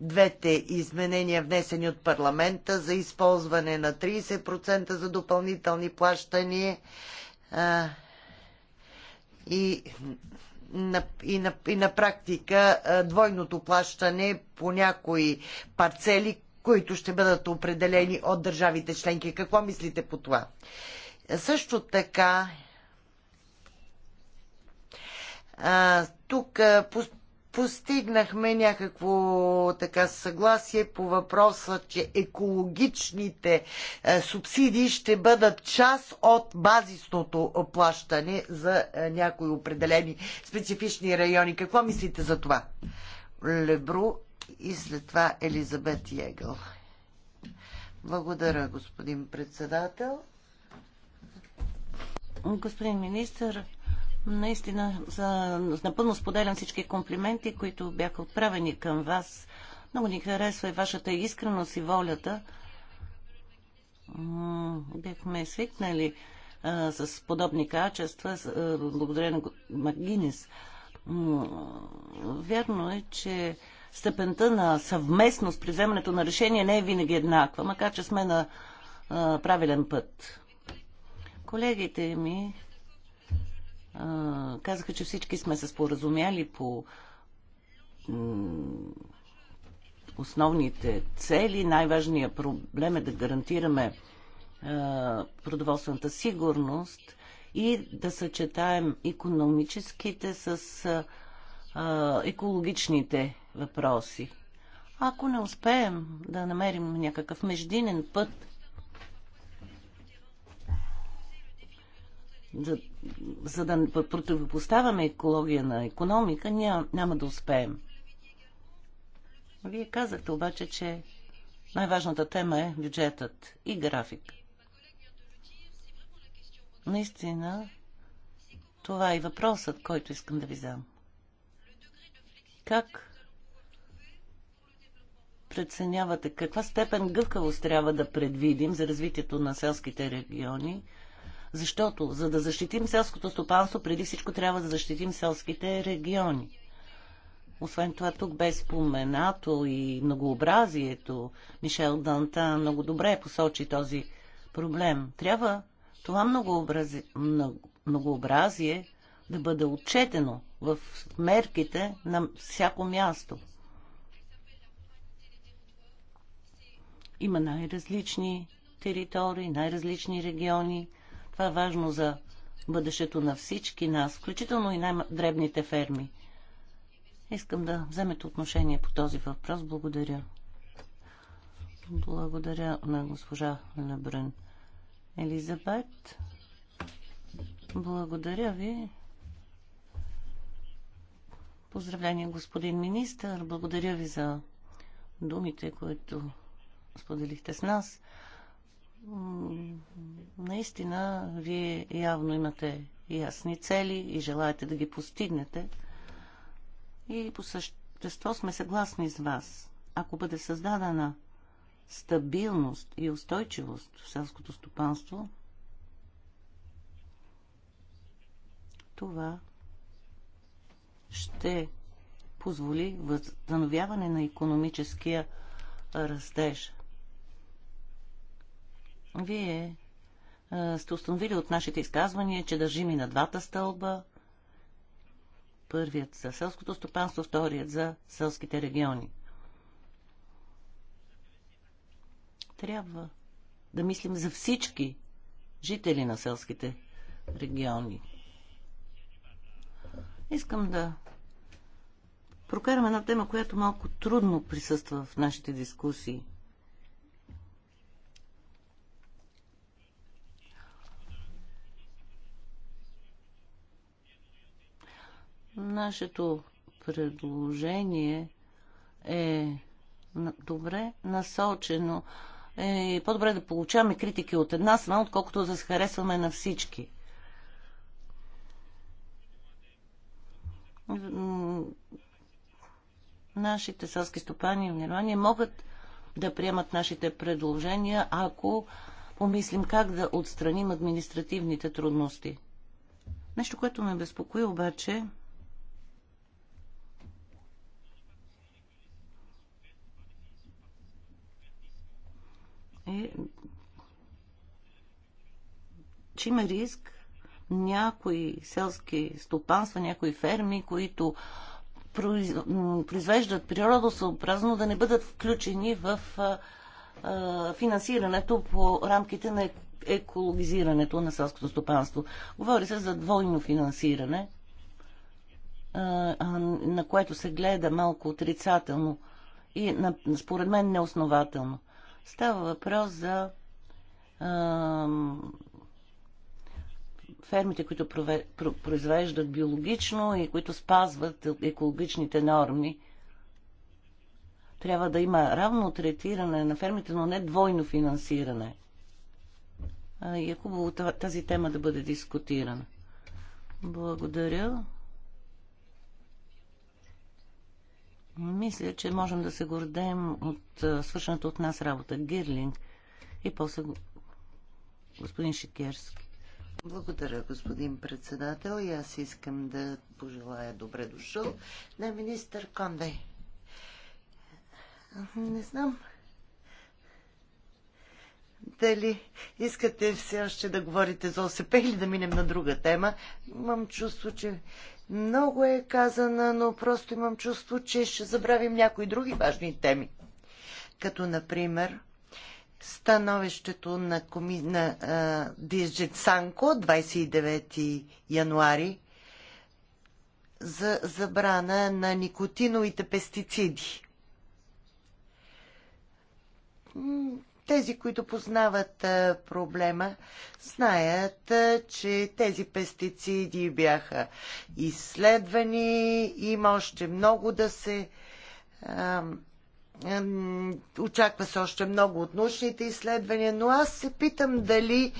двете изменения, внесени от парламента за използване на 30% за допълнителни плащания а, и, на, и, на, и на практика а, двойното плащане по някои парцели, които ще бъдат определени от държавите членки. Какво мислите по това? Също така, а, тук а, постигнахме някакво така съгласие по въпроса, че екологичните е, субсидии ще бъдат част от базисното плащане за е, някои определени специфични райони. Какво мислите за това? Лебру и след това Елизабет Егъл. Благодаря, господин председател. Господин министър, Наистина, за, напълно споделям всички комплименти, които бяха отправени към вас. Много ни харесва и вашата искреност и волята. Бяхме свикнали а, с подобни качества, а, благодаря на Магинис. Вярно е, че степента на съвместност при вземането на решение не е винаги еднаква, макар че сме на а, правилен път. Колегите ми казаха, че всички сме се споразумяли по основните цели. Най-важният проблем е да гарантираме продоволствената сигурност и да съчетаем економическите с екологичните въпроси. Ако не успеем да намерим някакъв междинен път, за, за да противопоставяме екология на економика, няма, няма да успеем. Вие казахте обаче, че най-важната тема е бюджетът и график. Наистина, това е въпросът, който искам да ви задам. Как преценявате каква степен гъвкавост трябва да предвидим за развитието на селските региони, защото, за да защитим селското стопанство, преди всичко трябва да защитим селските региони. Освен това, тук бе споменато и многообразието. Мишел Данта много добре посочи този проблем. Трябва това многообразие, многообразие да бъде отчетено в мерките на всяко място. Има най-различни територии, най-различни региони, това е важно за бъдещето на всички нас, включително и най-дребните ферми. Искам да вземете отношение по този въпрос. Благодаря. Благодаря на госпожа Лебрен. Елизабет, благодаря ви. Поздравление, господин министър. Благодаря ви за думите, които споделихте с нас наистина вие явно имате ясни цели и желаете да ги постигнете. И по същество сме съгласни с вас. Ако бъде създадена стабилност и устойчивост в селското стопанство, това ще позволи възстановяване на економическия растеж. Вие а, сте установили от нашите изказвания, че държим и на двата стълба. Първият за селското стопанство, вторият за селските региони. Трябва да мислим за всички жители на селските региони. Искам да прокарам една тема, която малко трудно присъства в нашите дискусии – Нашето предложение е добре насочено. Е, по-добре да получаваме критики от една страна, отколкото да се харесваме на всички. Нашите селски стопани в Германия могат да приемат нашите предложения, ако помислим как да отстраним административните трудности. Нещо, което ме безпокои обаче, е, че има риск някои селски стопанства, някои ферми, които произвеждат природосъобразно, да не бъдат включени в финансирането по рамките на екологизирането на селското стопанство. Говори се за двойно финансиране, на което се гледа малко отрицателно и според мен неоснователно. Става въпрос за а, фермите, които прове, про, произвеждат биологично и които спазват екологичните норми. Трябва да има равно третиране на фермите, но не двойно финансиране. А, и е хубаво тази тема да бъде дискутирана. Благодаря. Мисля, че можем да се гордеем от свършената от нас работа. Гирлинг и после господин Шикерски. Благодаря, господин председател. И аз искам да пожелая добре дошъл на министър Конде. Не знам дали искате все още да говорите за ОСП или да минем на друга тема. Имам чувство, че много е казана, но просто имам чувство, че ще забравим някои други важни теми. Като, например, становището на, коми... на а, Диджит Санко 29 януари за забрана на никотиновите пестициди тези, които познават проблема, знаят, че тези пестициди бяха изследвани. Има още много да се. Очаква се още много от научните изследвания, но аз се питам дали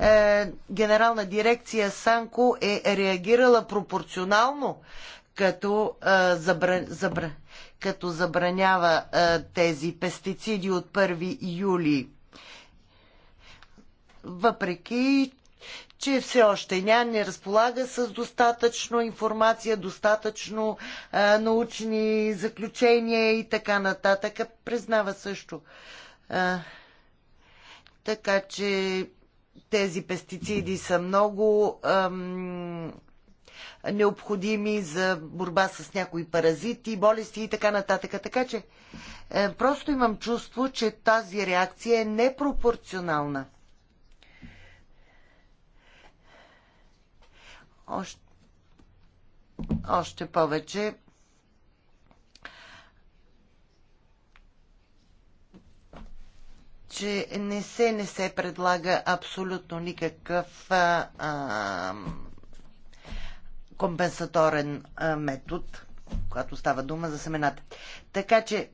е, генерална дирекция Санко е реагирала пропорционално, като е, забра, забра, като забранява а, е, тези пестициди от 1 юли. Въпреки, че все още ня не разполага с достатъчно информация, достатъчно а, е, научни заключения и така нататък. Признава също. А, е, така че тези пестициди са много ам, необходими за борба с някои паразити, болести и така нататък. Така че е, просто имам чувство, че тази реакция е непропорционална. Още, още повече че не се, не се предлага абсолютно никакъв а, а, компенсаторен метод, когато става дума за семената. Така че,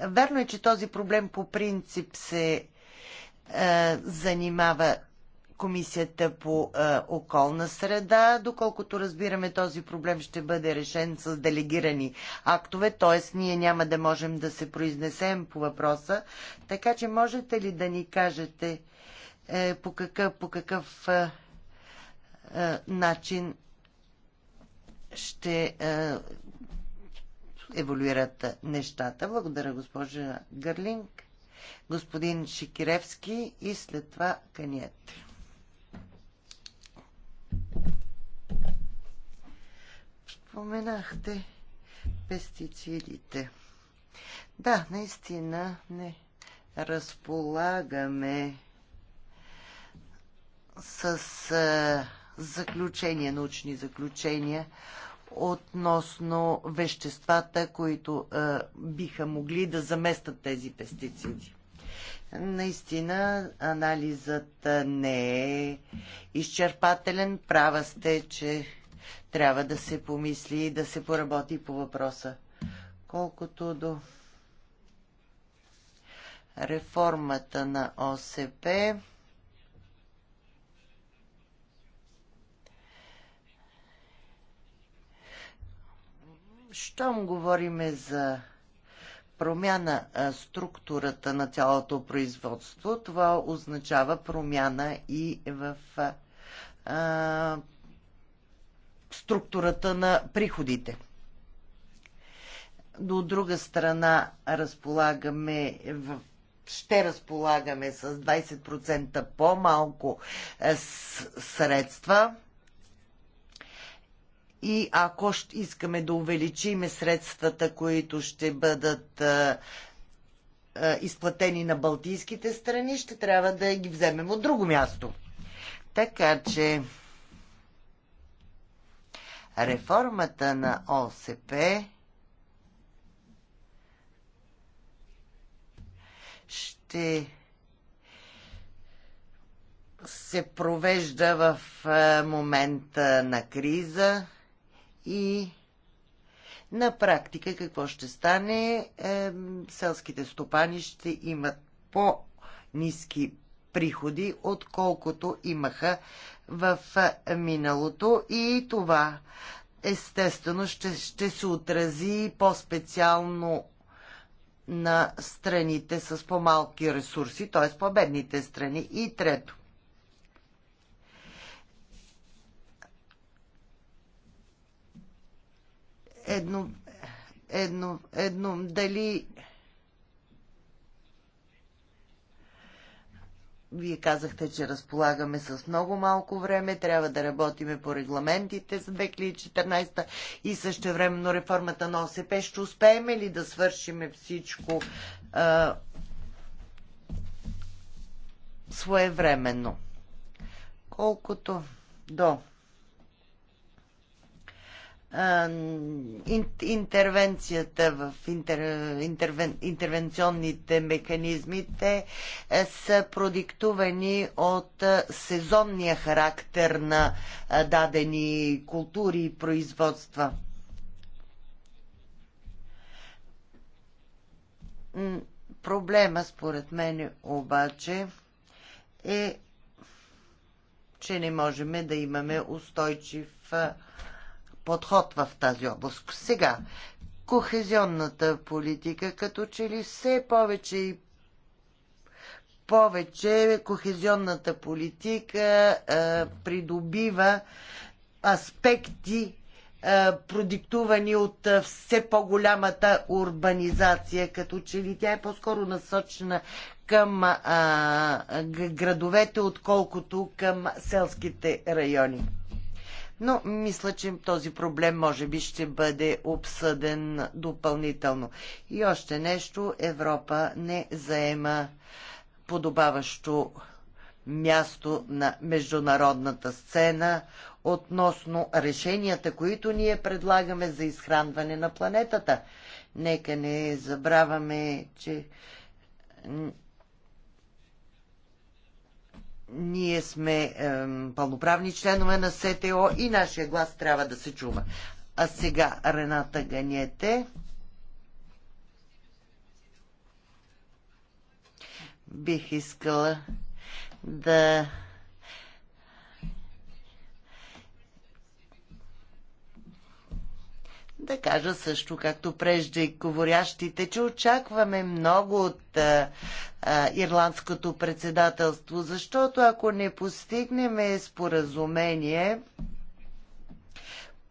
верно е, че този проблем по принцип се е, занимава Комисията по е, околна среда. Доколкото разбираме, този проблем ще бъде решен с делегирани актове, т.е. ние няма да можем да се произнесем по въпроса. Така че можете ли да ни кажете е, по какъв, по какъв е, е, начин ще е, еволюират нещата. Благодаря, госпожа Гърлинг, господин Шикиревски и след това Каният. Споменахте пестицидите. Да, наистина не разполагаме с е, заключения, научни заключения относно веществата, които а, е, биха могли да заместят тези пестициди. Наистина анализът не е изчерпателен. Права сте, че трябва да се помисли и да се поработи по въпроса. Колкото до реформата на ОСП, щом говориме за промяна структурата на цялото производство, това означава промяна и в а, структурата на приходите. До друга страна разполагаме в ще разполагаме с 20% по-малко средства и ако искаме да увеличиме средствата, които ще бъдат изплатени на балтийските страни, ще трябва да ги вземем от друго място. Така че реформата на ОСП ще се провежда в момента на криза и на практика какво ще стане? Е, селските стопани ще имат по-низки приходи, отколкото имаха в е, миналото и това естествено ще, ще се отрази по-специално на страните с по-малки ресурси, т.е. по-бедните страни. И трето, едно, едно, едно, дали Вие казахте, че разполагаме с много малко време, трябва да работиме по регламентите за 2014 и също времено реформата на ОСП. Ще успеем ли да свършиме всичко а, своевременно? Колкото до интервенцията в интер, интервен, интервенционните механизми, те е, са продиктувани от е, сезонния характер на е, дадени култури и производства. Проблема, според мен, обаче е, че не можем да имаме устойчив подход в тази област. Сега, кохезионната политика, като че ли все повече и повече кохезионната политика а, придобива аспекти, а, продиктувани от а, все по-голямата урбанизация, като че ли тя е по-скоро насочена към а, градовете, отколкото към селските райони но мисля, че този проблем може би ще бъде обсъден допълнително. И още нещо, Европа не заема подобаващо място на международната сцена относно решенията, които ние предлагаме за изхранване на планетата. Нека не забравяме, че ние сме е, пълноправни членове на СТО и нашия глас трябва да се чува. А сега Рената Ганете. Бих искала да Да кажа също, както прежде говорящите, че очакваме много от а, а, ирландското председателство, защото ако не постигнем споразумение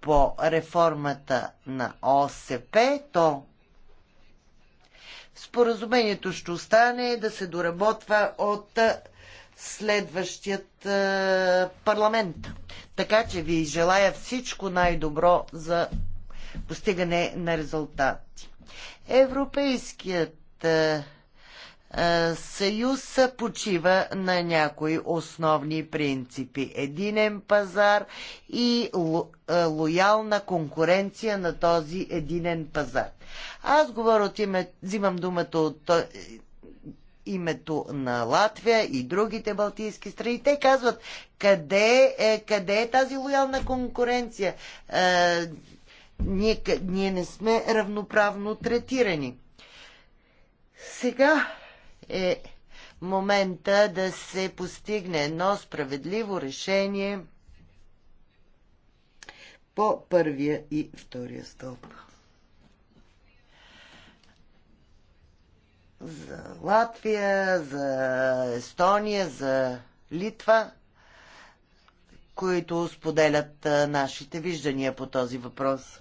по реформата на ОСП, то споразумението ще остане да се доработва от следващият парламент. Така че ви желая всичко най-добро за постигане на резултати. Европейският е, е, съюз почива на някои основни принципи. Единен пазар и е, лоялна конкуренция на този единен пазар. Аз говоря от име, взимам думата от името на Латвия и другите балтийски страни. Те казват, къде е, къде е тази лоялна конкуренция? ние, ние не сме равноправно третирани. Сега е момента да се постигне едно справедливо решение по първия и втория стълб. За Латвия, за Естония, за Литва, които споделят нашите виждания по този въпрос.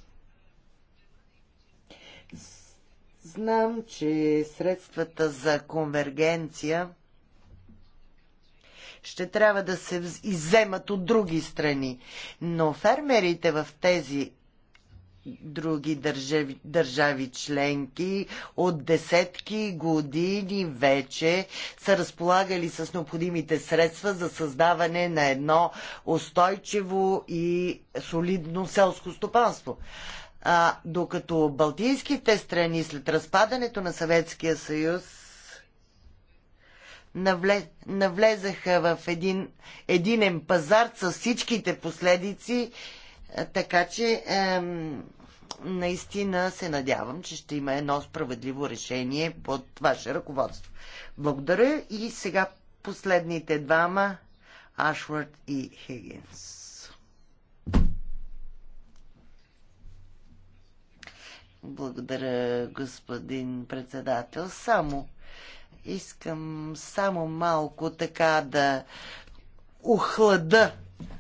Знам, че средствата за конвергенция ще трябва да се изземат от други страни. Но фермерите в тези други държави, държави членки от десетки години вече са разполагали с необходимите средства за създаване на едно устойчиво и солидно селско стопанство. А, докато Балтийските страни след разпадането на Съветския съюз навле, навлезаха в един единен пазар с всичките последици, е, така че ем, наистина се надявам, че ще има едно справедливо решение под ваше ръководство. Благодаря и сега последните двама Ашвард и Хигинс. Благодаря, господин председател. Само искам само малко така да охлада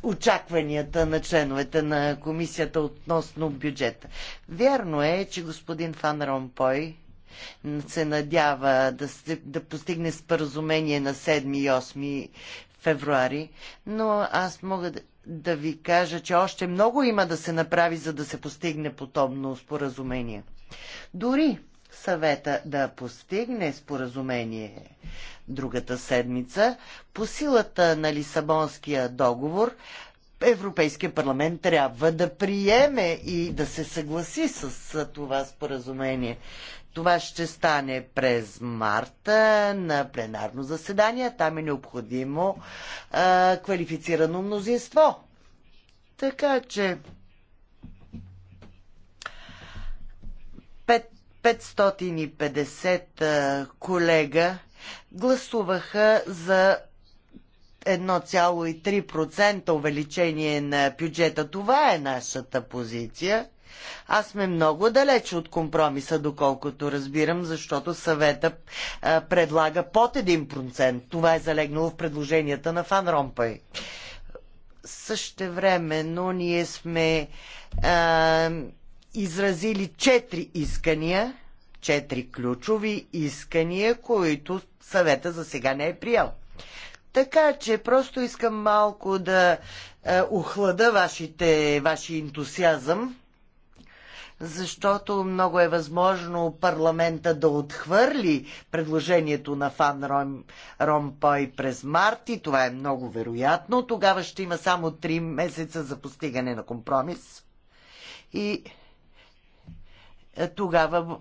очакванията на членовете на комисията относно бюджета. Вярно е, че господин Фан Ромпой се надява да, се, да постигне споразумение на 7 и 8 февруари, но аз мога да, да ви кажа, че още много има да се направи, за да се постигне подобно споразумение. Дори съвета да постигне споразумение другата седмица, по силата на Лисабонския договор, Европейския парламент трябва да приеме и да се съгласи с това споразумение. Това ще стане през марта на пленарно заседание. Там е необходимо а, квалифицирано мнозинство. Така че 5, 550 колега гласуваха за 1,3% увеличение на бюджета. Това е нашата позиция. Аз сме много далеч от компромиса, доколкото разбирам, защото съвета а, предлага под 1%. Това е залегнало в предложенията на Фан Ромпай. но ние сме а, изразили четири искания, четири ключови искания, които съвета за сега не е приял. Така че просто искам малко да е, охлада вашите, ваши ентусиазъм, защото много е възможно парламента да отхвърли предложението на Фан Ром, Ромпой през март и това е много вероятно. Тогава ще има само 3 месеца за постигане на компромис. И е, тогава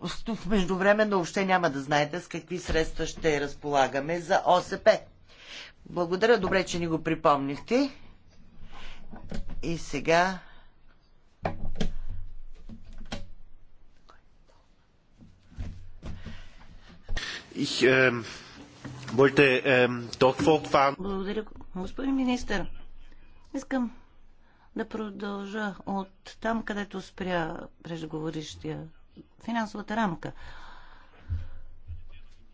междувременно въобще няма да знаете с какви средства ще разполагаме за ОСП. Благодаря, добре, че ни го припомнихте. И сега. Их, э, бойте, э, dort Благодаря, господин министър. Искам да продължа от там, където спря преждеговорищия финансовата рамка.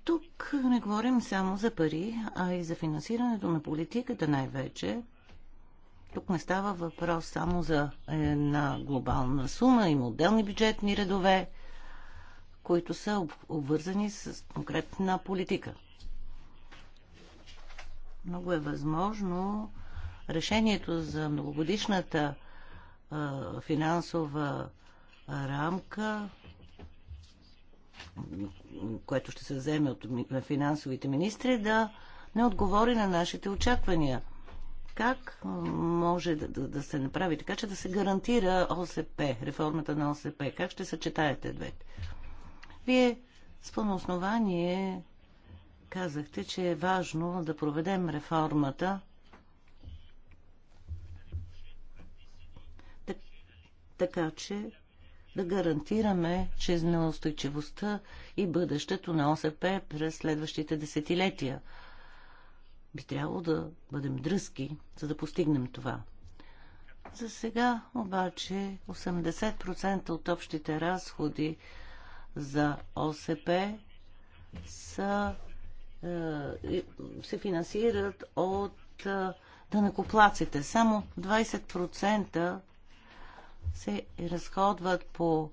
Тук не говорим само за пари, а и за финансирането на политиката най-вече. Тук не става въпрос само за една глобална сума и моделни бюджетни редове, които са обвързани с конкретна политика. Много е възможно решението за многогодишната финансова рамка което ще се вземе от финансовите министри, да не отговори на нашите очаквания. Как може да, да, да се направи така, че да се гарантира ОСП, реформата на ОСП? Как ще съчетаете двете? Вие с пълно основание казахте, че е важно да проведем реформата така че да гарантираме жизнеустойчивостта и бъдещето на ОСП през следващите десетилетия. Би трябвало да бъдем дръзки, за да постигнем това. За сега обаче 80% от общите разходи за ОСП са, е, се финансират от е, данакоплаците. Само 20% се разходват по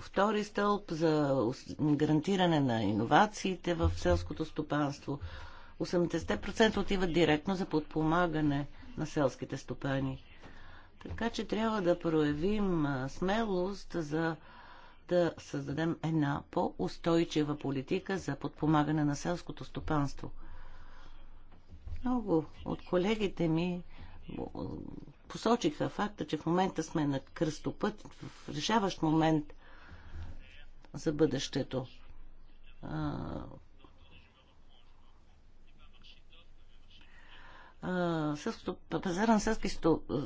втори стълб за гарантиране на иновациите в селското стопанство. 80% отиват директно за подпомагане на селските стопани. Така че трябва да проявим смелост за да създадем една по-устойчива политика за подпомагане на селското стопанство. Много от колегите ми посочиха факта, че в момента сме на кръстопът, в решаващ момент за бъдещето. А, пазара на селски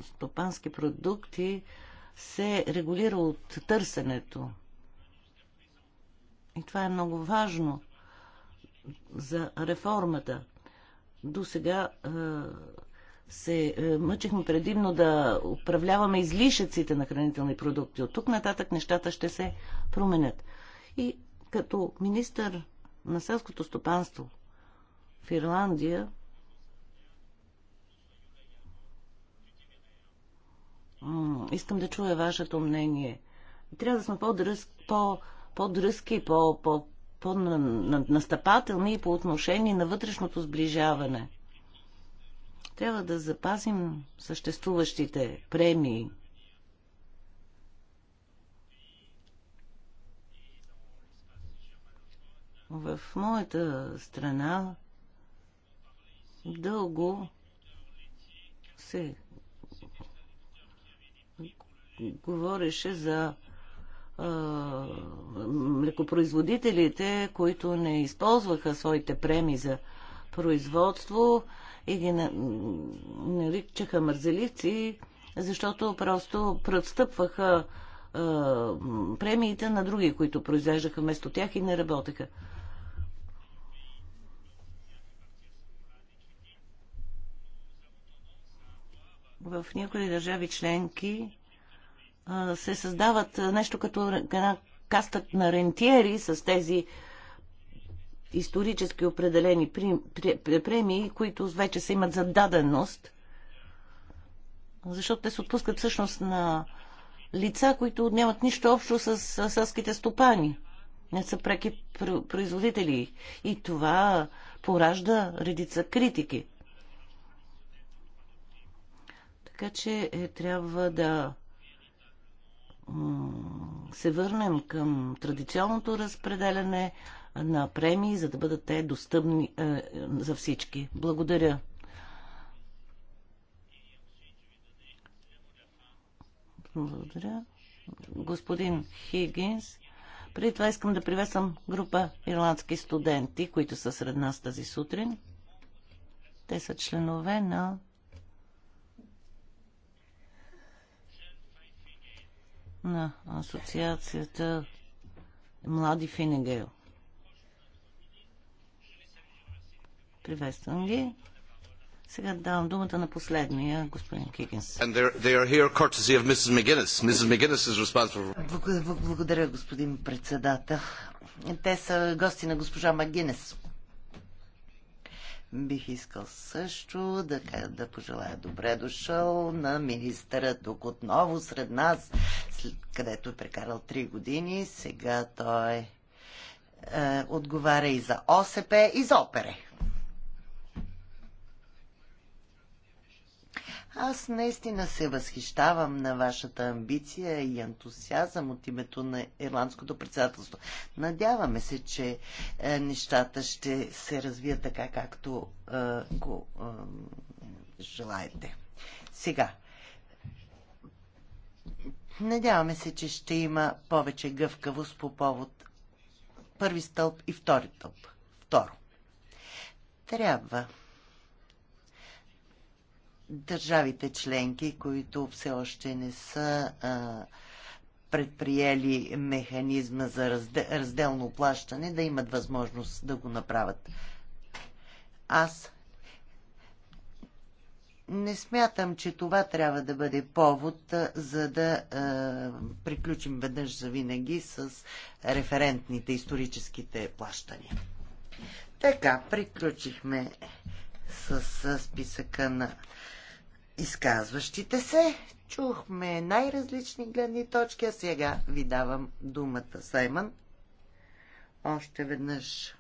стопански продукти се регулира от търсенето. И това е много важно за реформата. До сега се е, мъчихме предимно да управляваме излишъците на хранителни продукти. От тук нататък нещата ще се променят. И като министър на селското стопанство в Ирландия, искам да чуя вашето мнение. Трябва да сме по-дръзки, по, по-дръзки, по, по, по, по по по по, по отношение на вътрешното сближаване – трябва да запазим съществуващите премии. В моята страна дълго се говореше за а, млекопроизводителите, които не използваха своите преми за производство, и ги наричаха мързелици, защото просто преотстъпваха е, премиите на други, които произвеждаха вместо тях и не работеха. В някои държави членки е, се създават нещо като една каста на рентиери с тези е, исторически определени премии, които вече се имат за даденост, защото те се отпускат всъщност на лица, които нямат нищо общо с селските стопани. Не са преки производители. И това поражда редица критики. Така че е, трябва да се върнем към традиционното разпределяне, на премии, за да бъдат те достъпни е, за всички. Благодаря. Благодаря. Господин Хигинс, преди това искам да приветствам група ирландски студенти, които са сред нас тази сутрин. Те са членове на на Асоциацията Млади Финегел. Приветствам ви. Сега давам думата на последния, господин Кигинс. For... Благодаря, господин председател. Те са гости на госпожа Магинес. Бих искал също да, да пожелая добре дошъл на министъра тук отново сред нас, където е прекарал 3 години. Сега той е, отговаря и за ОСП, и за опере. Аз наистина се възхищавам на вашата амбиция и ентусиазъм от името на Ирландското председателство. Надяваме се, че е, нещата ще се развият така, както е, го е, желаете. Сега, надяваме се, че ще има повече гъвкавост по повод първи стълб и втори стълб. Второ, трябва държавите членки, които все още не са а, предприели механизма за разделно плащане, да имат възможност да го направят. Аз не смятам, че това трябва да бъде повод, за да е, приключим веднъж за винаги с референтните историческите плащания. Така, приключихме с, с списъка на изказващите се. Чухме най-различни гледни точки, а сега ви давам думата, Саймън. Още веднъж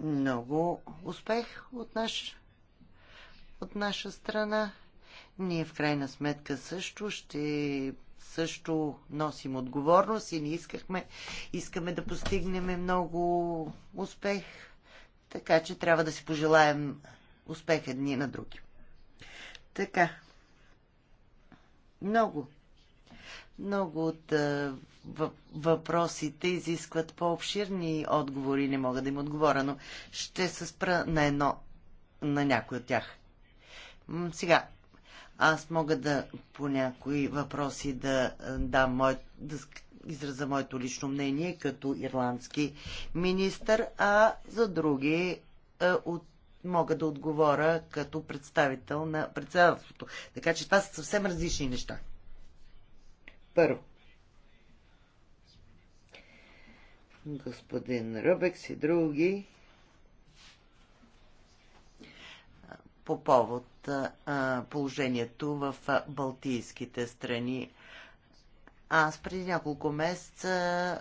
много успех от, наш, от наша страна. Ние в крайна сметка също ще също носим отговорност и не искахме, искаме да постигнем много успех. Така че трябва да си пожелаем успех едни на други. Така. Много. Много от въпросите изискват по-обширни отговори, не мога да им отговоря, но ще се спра на едно, на някой от тях. Сега, аз мога да по някои въпроси да дам мое, да израза моето лично мнение като ирландски министър, а за други от мога да отговоря като представител на председателството. Така че това са съвсем различни неща. Първо. Господин Рубекс и други по повод положението в Балтийските страни. Аз преди няколко месеца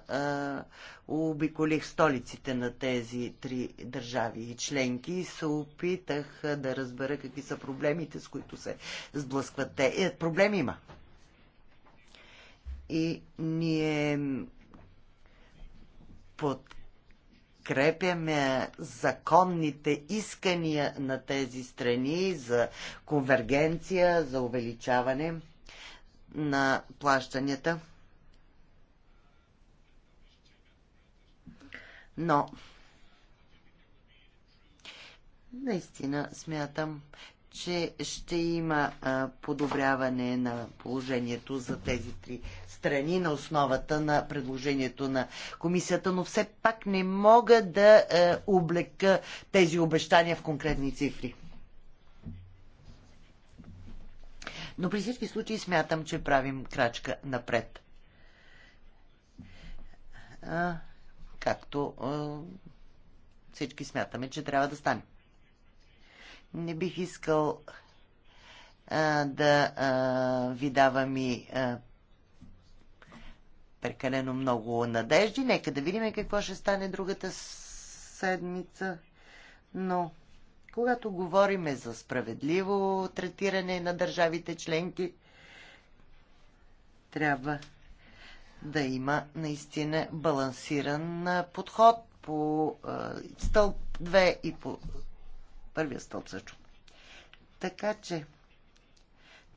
а, обиколих столиците на тези три държави и членки и се опитах да разбера какви са проблемите, с които се сблъскват те. Е, проблем има. И ние подкрепяме законните искания на тези страни за конвергенция, за увеличаване на плащанията. Но наистина смятам, че ще има а, подобряване на положението за тези три страни на основата на предложението на комисията, но все пак не мога да а, облека тези обещания в конкретни цифри. Но при всички случаи смятам, че правим крачка напред. А, както а, всички смятаме, че трябва да стане. Не бих искал а, да а, ви давам и а, прекалено много надежди. Нека да видим какво ще стане другата седмица. Но когато говориме за справедливо третиране на държавите членки, трябва да има наистина балансиран подход по стълб 2 и по първия стълб също. Така че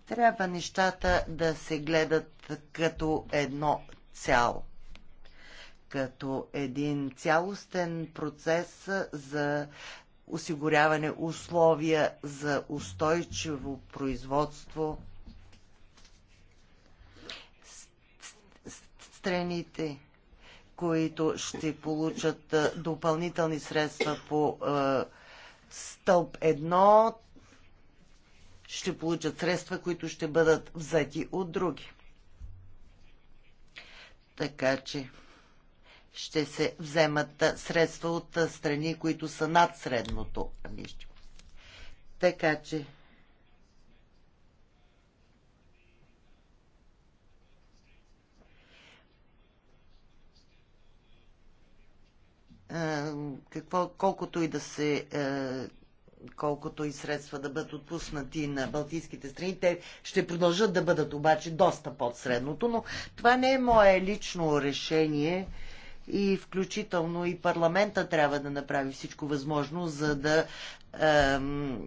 трябва нещата да се гледат като едно цяло, като един цялостен процес за осигуряване условия за устойчиво производство. Страните, които ще получат допълнителни средства по е, стълб 1, ще получат средства, които ще бъдат взети от други. Така че ще се вземат средства от страни, които са над средното равнище. Така че. Какво, колкото и да се колкото и средства да бъдат отпуснати на балтийските страни. Те ще продължат да бъдат обаче доста под средното, но това не е мое лично решение и включително и парламента трябва да направи всичко възможно, за да ем,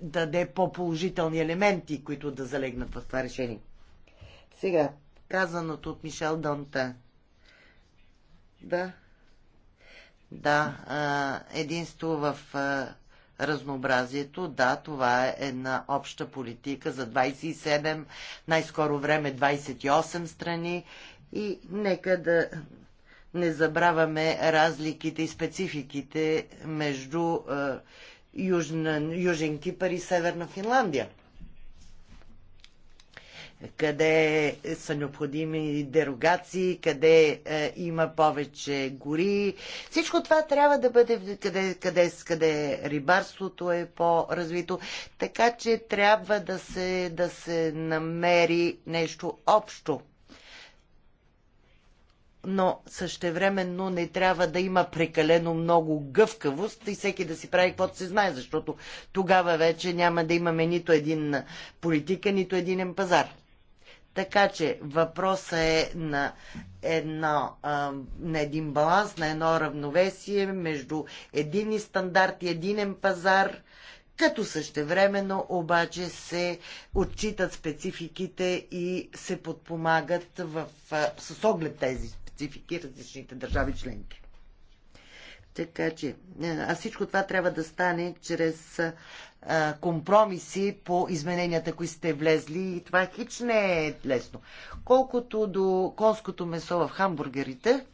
даде по-положителни елементи, които да залегнат в това решение. Сега, казаното от Мишел Донта. Да. Да, единство в разнообразието. Да, това е една обща политика за 27, най-скоро време 28 страни. И нека да не забравяме разликите и спецификите между е, Южна, Южен Кипър и Северна Финландия, къде са необходими дерогации, къде е, има повече гори. Всичко това трябва да бъде къде, къде, къде рибарството е по-развито. Така че трябва да се, да се намери нещо общо но същевременно не трябва да има прекалено много гъвкавост и всеки да си прави каквото се знае, защото тогава вече няма да имаме нито един политика, нито един пазар. Така че въпросът е на, едно, а, на един баланс, на едно равновесие между и стандарт и единен пазар, като същевременно обаче се отчитат спецификите и се подпомагат в, а, с оглед тези специфики различните държави членки. Така че, а всичко това трябва да стане чрез а, компромиси по измененията, които сте влезли. И това хич не е лесно. Колкото до конското месо в хамбургерите,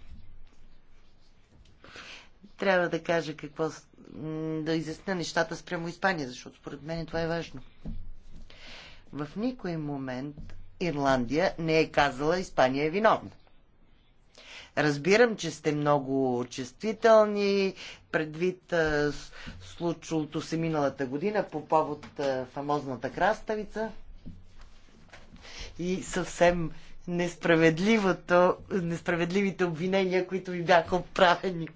трябва да кажа какво, да изясня нещата спрямо Испания, защото според мен това е важно. В никой момент Ирландия не е казала Испания е виновна. Разбирам, че сте много чувствителни предвид а, случилото се миналата година по повод а, фамозната краставица и съвсем несправедливите обвинения, които ви бяха отправени.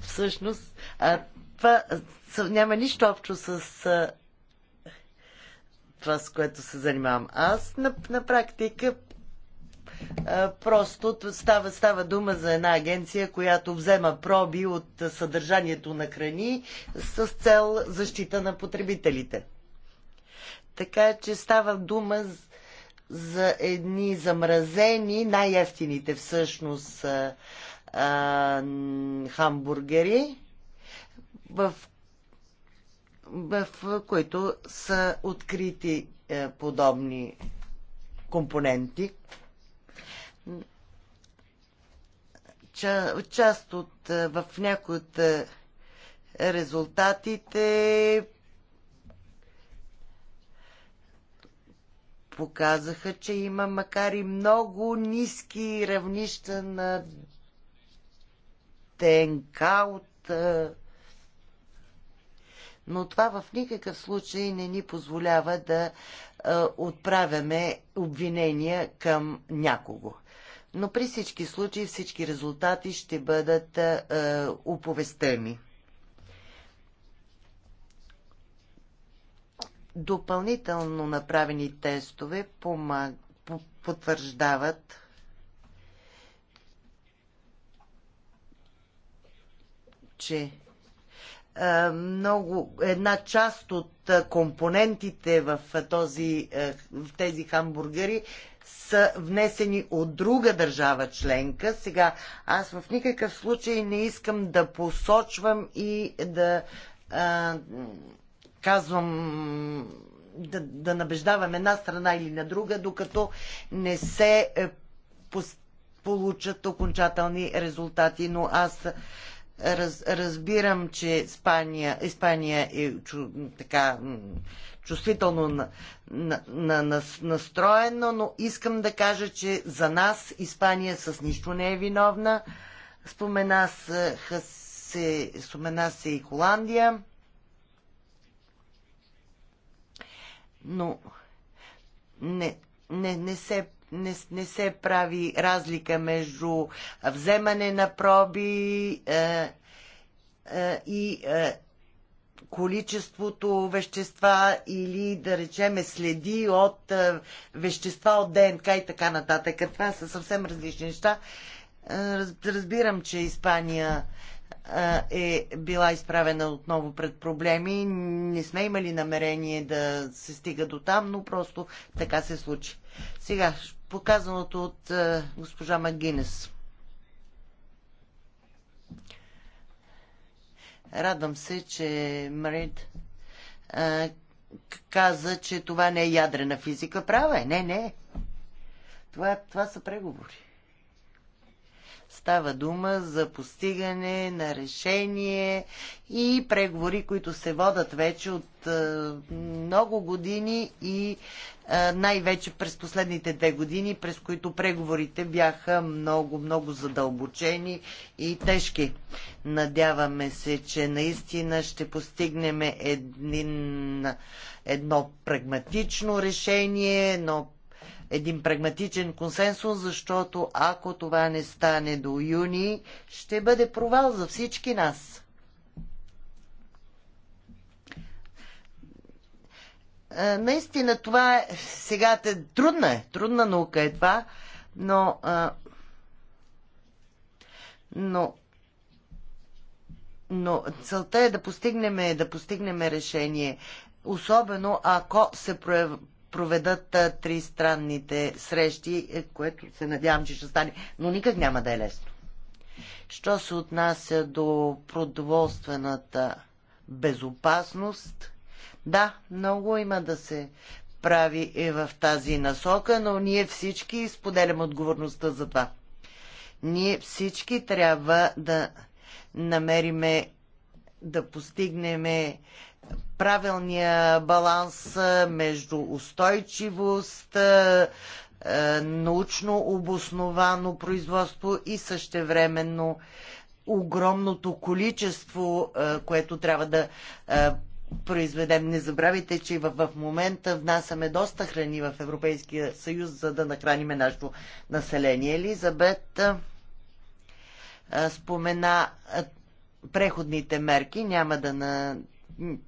Всъщност, а, това няма нищо общо с а, това, с което се занимавам. Аз на, на практика Просто става, става дума за една агенция, която взема проби от съдържанието на храни с цел защита на потребителите. Така че става дума за едни замразени, най-ефтините всъщност а, хамбургери, в, в които са открити а, е, подобни компоненти. част от, в някои от резултатите показаха, че има макар и много ниски равнища на ДНК от... Но това в никакъв случай не ни позволява да отправяме обвинения към някого но при всички случаи всички резултати ще бъдат е, е оповестени. Допълнително направени тестове помаг... потвърждават че е, много, една част от е, компонентите в, този, в тези хамбургери са внесени от друга държава членка. Сега аз в никакъв случай не искам да посочвам и да а, казвам да, да набеждавам една страна или на друга, докато не се е, пос, получат окончателни резултати. Но аз Раз, разбирам, че Испания, Испания е чу, така чувствително на, на, на, на, настроена, но искам да кажа, че за нас Испания с нищо не е виновна. Спомена се, се, спомена се и Холандия. Но не, не, не се не, не се прави разлика между вземане на проби е, е, и е, количеството вещества или да речеме следи от е, вещества от ДНК и така нататък. Това са съвсем различни неща. Е, разбирам, че Испания е била изправена отново пред проблеми. Не сме имали намерение да се стига до там, но просто така се случи. Сега, показаното от госпожа Магинес. Радвам се, че Марид каза, че това не е ядрена физика. Права е. Не, не. Това, това са преговори. Става дума за постигане на решение и преговори, които се водат вече от е, много години и е, най-вече през последните две години, през които преговорите бяха много, много задълбочени и тежки. Надяваме се, че наистина ще постигнем един, едно прагматично решение, едно един прагматичен консенсус, защото ако това не стане до юни, ще бъде провал за всички нас. Е, наистина това е сега е трудна е, трудна наука е това, но а, е, но но целта е да постигнем, е да постигнем решение особено ако се проведат тристранните срещи, е, което се надявам, че ще стане. Но никак няма да е лесно. Що се отнася до продоволствената безопасност, да, много има да се прави и в тази насока, но ние всички споделям отговорността за това. Ние всички трябва да намериме, да постигнеме правилния баланс между устойчивост, научно обосновано производство и същевременно огромното количество, което трябва да произведем. Не забравяйте, че в момента внасяме доста храни в Европейския съюз, за да нахраниме нашето население. Елизабет спомена преходните мерки. Няма да на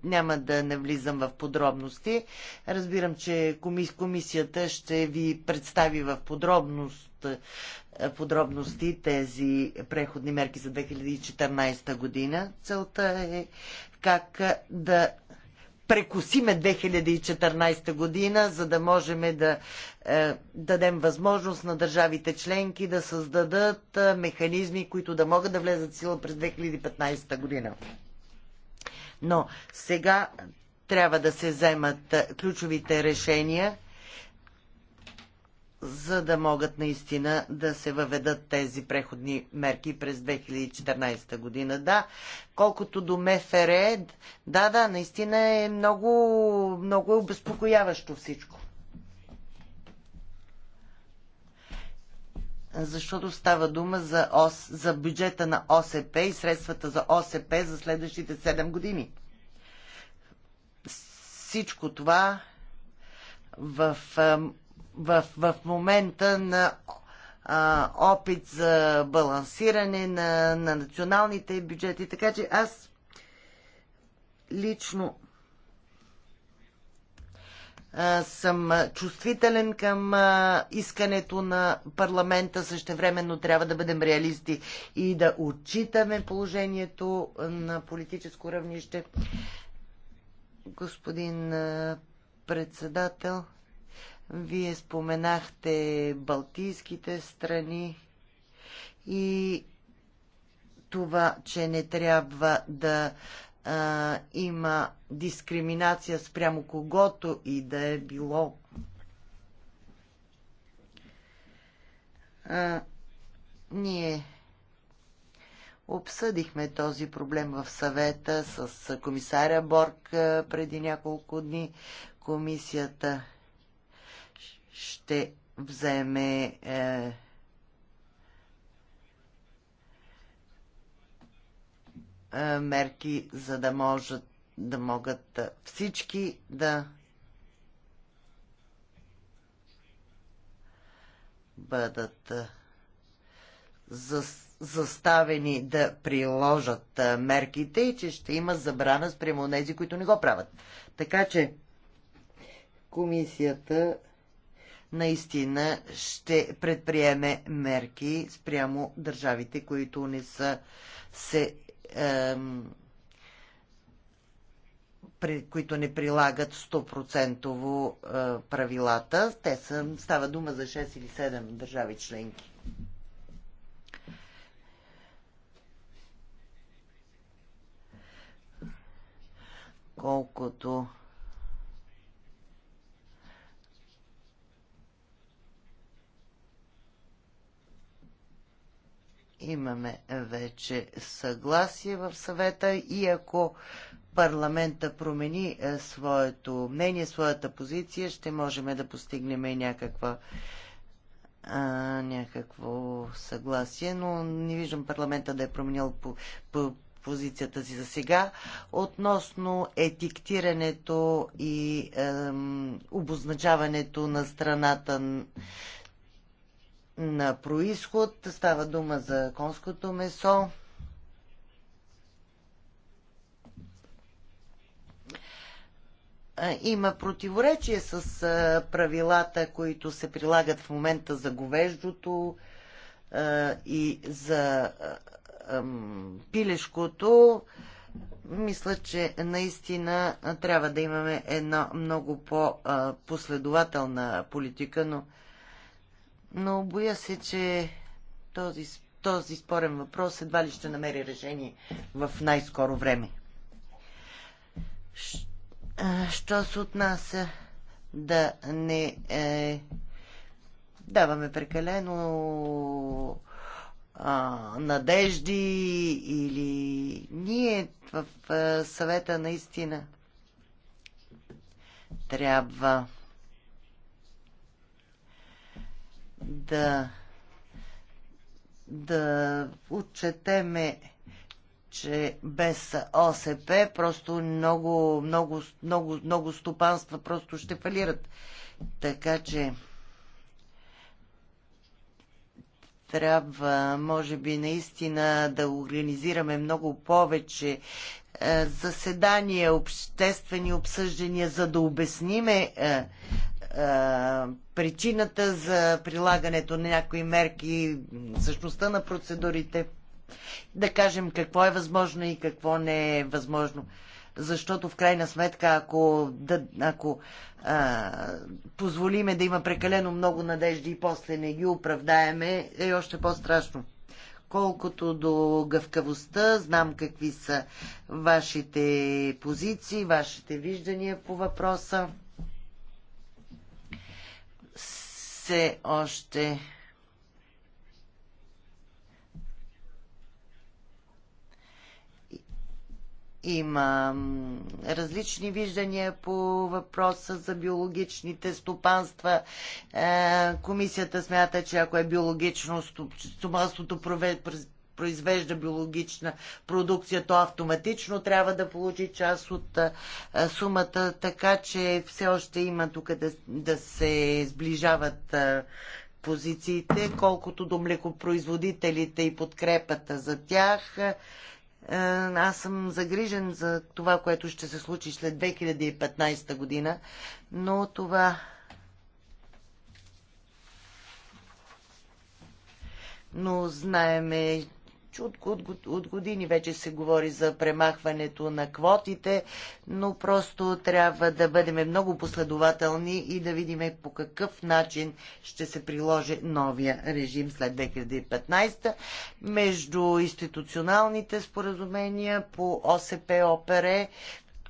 няма да навлизам в подробности. Разбирам, че комисията ще ви представи в подробност, е, подробности тези преходни мерки за 2014 година. Целта е как е, да прекусиме 2014 година, за да можем да е, дадем възможност на държавите членки да създадат е, механизми, които да могат да влезат в сила през 2015 година. Но сега трябва да се вземат ключовите решения, за да могат наистина да се въведат тези преходни мерки през 2014 година. Да, колкото до МФРЕ, да, да, наистина е много, много обезпокояващо всичко. защото става дума за, ОС, за бюджета на ОСП и средствата за ОСП за следващите 7 години. Всичко това в, в, в момента на а, опит за балансиране на, на националните бюджети. Така че аз лично съм чувствителен към искането на парламента. Същевременно трябва да бъдем реалисти и да отчитаме положението на политическо равнище. Господин председател, вие споменахте Балтийските страни и това, че не трябва да а, има дискриминация спрямо когото и да е било. А, ние обсъдихме този проблем в съвета с комисаря Борг преди няколко дни. Комисията ще вземе. Е, Е, мерки, за да можат да могат е, всички да бъдат е, заставени да приложат мерките и че ще има забрана спрямо тези, които не го правят. Така че комисията наистина ще предприеме мерки спрямо държавите, които не са се при, които не прилагат 100% е, правилата. Те са, става дума за 6 или 7 държави членки. Колкото Имаме вече съгласие в съвета и ако парламента промени е, своето мнение, своята позиция, ще можем да постигнем и някаква а, някакво съгласие, но не виждам парламента да е променил по, по позицията си за сега относно етиктирането и ем, обозначаването на страната на происход. Става дума за конското месо. Има противоречие с правилата, които се прилагат в момента за говеждото и за пилешкото мисля, че наистина трябва да имаме една много по-последователна политика, но но боя се, че този, този спорен въпрос едва ли ще намери решение в най-скоро време. Що се отнася да не е, даваме прекалено а, надежди или ние в а, съвета наистина трябва да, да отчетеме, че без ОСП просто много, много, много, много стопанства просто ще фалират. Така че трябва, може би, наистина да организираме много повече е, заседания, обществени обсъждания, за да обясниме е, причината за прилагането на някои мерки, същността на процедурите, да кажем какво е възможно и какво не е възможно. Защото в крайна сметка, ако, да, ако а, позволиме да има прекалено много надежди и после не ги оправдаеме, е още по-страшно. Колкото до гъвкавостта, знам какви са вашите позиции, вашите виждания по въпроса. все още Има различни виждания по въпроса за биологичните стопанства. Е, комисията смята, че ако е биологично стопанството произвежда биологична продукция, то автоматично трябва да получи част от сумата, така че все още има тук да, да се сближават позициите, колкото до млекопроизводителите и подкрепата за тях. Аз съм загрижен за това, което ще се случи след 2015 година, но това но знаеме, от, от, от години вече се говори за премахването на квотите, но просто трябва да бъдем много последователни и да видим по какъв начин ще се приложи новия режим след 2015 между институционалните споразумения по ОСП ОПРЕ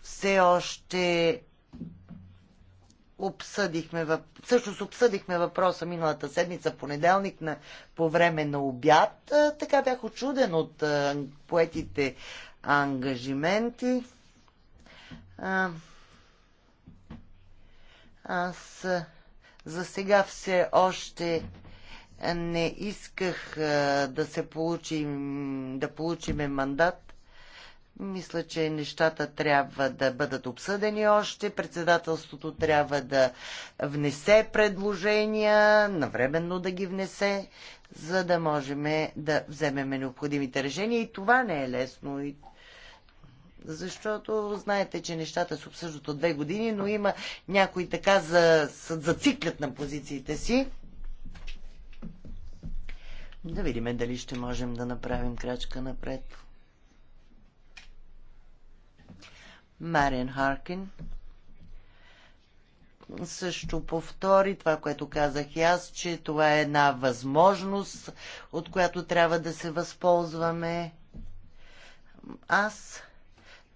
все още обсъдихме, всъщност обсъдихме въпроса миналата седмица, понеделник, на, по време на обяд. Така бях очуден от поетите ангажименти. А, аз за сега все още не исках да се получим, да получиме мандат мисля, че нещата трябва да бъдат обсъдени още. Председателството трябва да внесе предложения, навременно да ги внесе, за да можем да вземем необходимите решения. И това не е лесно. защото знаете, че нещата се обсъждат от две години, но има някои така за, зациклят на позициите си. Да видим дали ще можем да направим крачка напред. Марин Харкин също повтори това, което казах и аз, че това е една възможност, от която трябва да се възползваме. Аз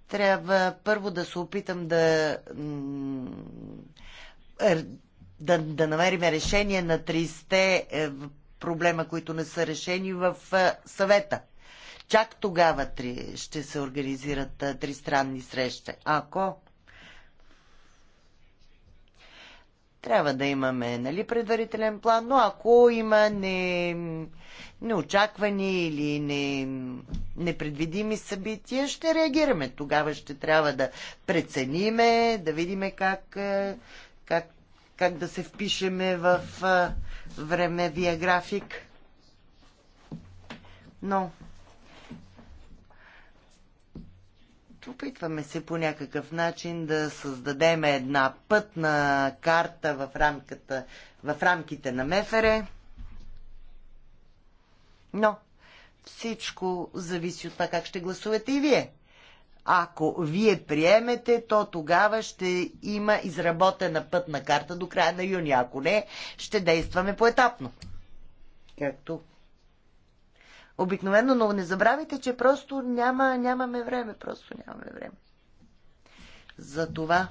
трябва първо да се опитам да да, да намерим решение на 30 е, проблема, които не са решени в е, съвета чак тогава три, ще се организират тристранни срещи. Ако трябва да имаме нали, предварителен план, но ако има не, неочаквани или не, непредвидими събития, ще реагираме. Тогава ще трябва да прецениме, да видиме как, как, как да се впишеме в времевия график. Но Опитваме се по някакъв начин да създадем една пътна карта в, рамката, в рамките на МЕФЕРЕ. Но всичко зависи от това как ще гласувате и вие. Ако вие приемете, то тогава ще има изработена пътна карта до края на юни. Ако не, ще действаме поетапно. Както обикновено, но не забравяйте, че просто няма, нямаме време. Просто нямаме време. За това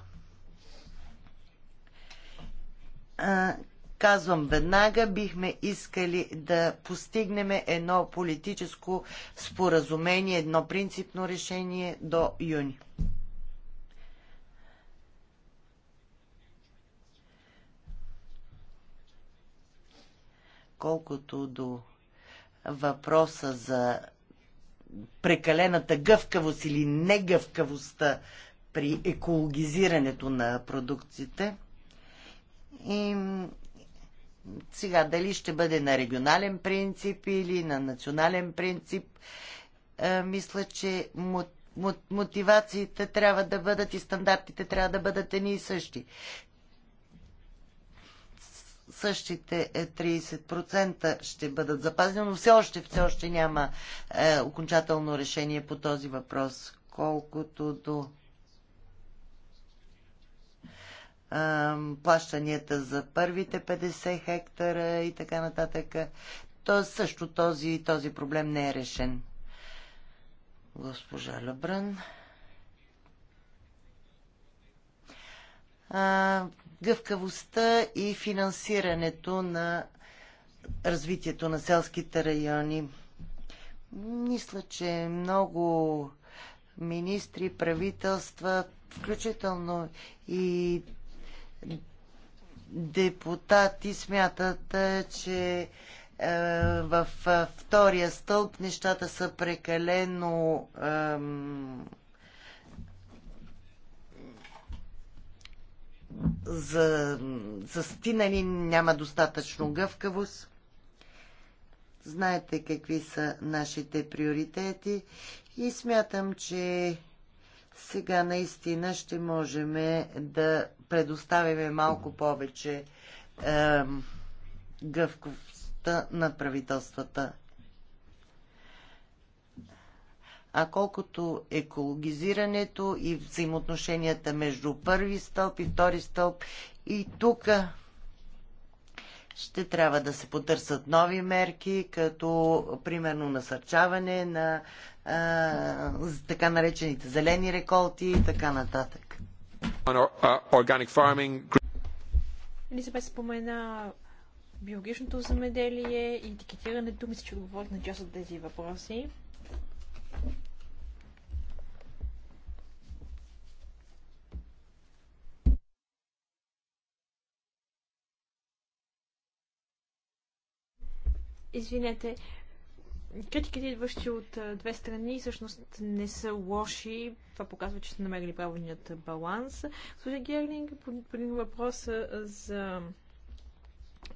а, казвам веднага, бихме искали да постигнем едно политическо споразумение, едно принципно решение до юни. Колкото до въпроса за прекалената гъвкавост или негъвкавостта при екологизирането на продукциите. И сега дали ще бъде на регионален принцип или на национален принцип, е, мисля, че мотивациите трябва да бъдат и стандартите трябва да бъдат едни и същи същите 30% е, ще бъдат запазени, но все още, все още няма е, окончателно решение по този въпрос. Колкото до плащанията за първите 50 хектара и така нататък. То също този, този проблем не е решен. Госпожа Лебран гъвкавостта и финансирането на развитието на селските райони. Мисля, че много министри, правителства, включително и депутати смятат, е, че е, във втория стълб нещата са прекалено е, за, застинали, няма достатъчно гъвкавост. Знаете какви са нашите приоритети и смятам, че сега наистина ще можем да предоставяме малко повече е, гъвкавостта на правителствата А колкото екологизирането и взаимоотношенията между първи стълб и втори стълб и тук ще трябва да се потърсят нови мерки, като примерно насърчаване на а, така наречените зелени реколти и така нататък. Uh, Елизабет спомена биологичното замеделие и етикетирането. Мисля, че отговорих на част от тези въпроси. извинете, критиките, идващи от две страни, всъщност не са лоши. Това показва, че са намерили правилният баланс. Служа Герлинг подигна въпроса за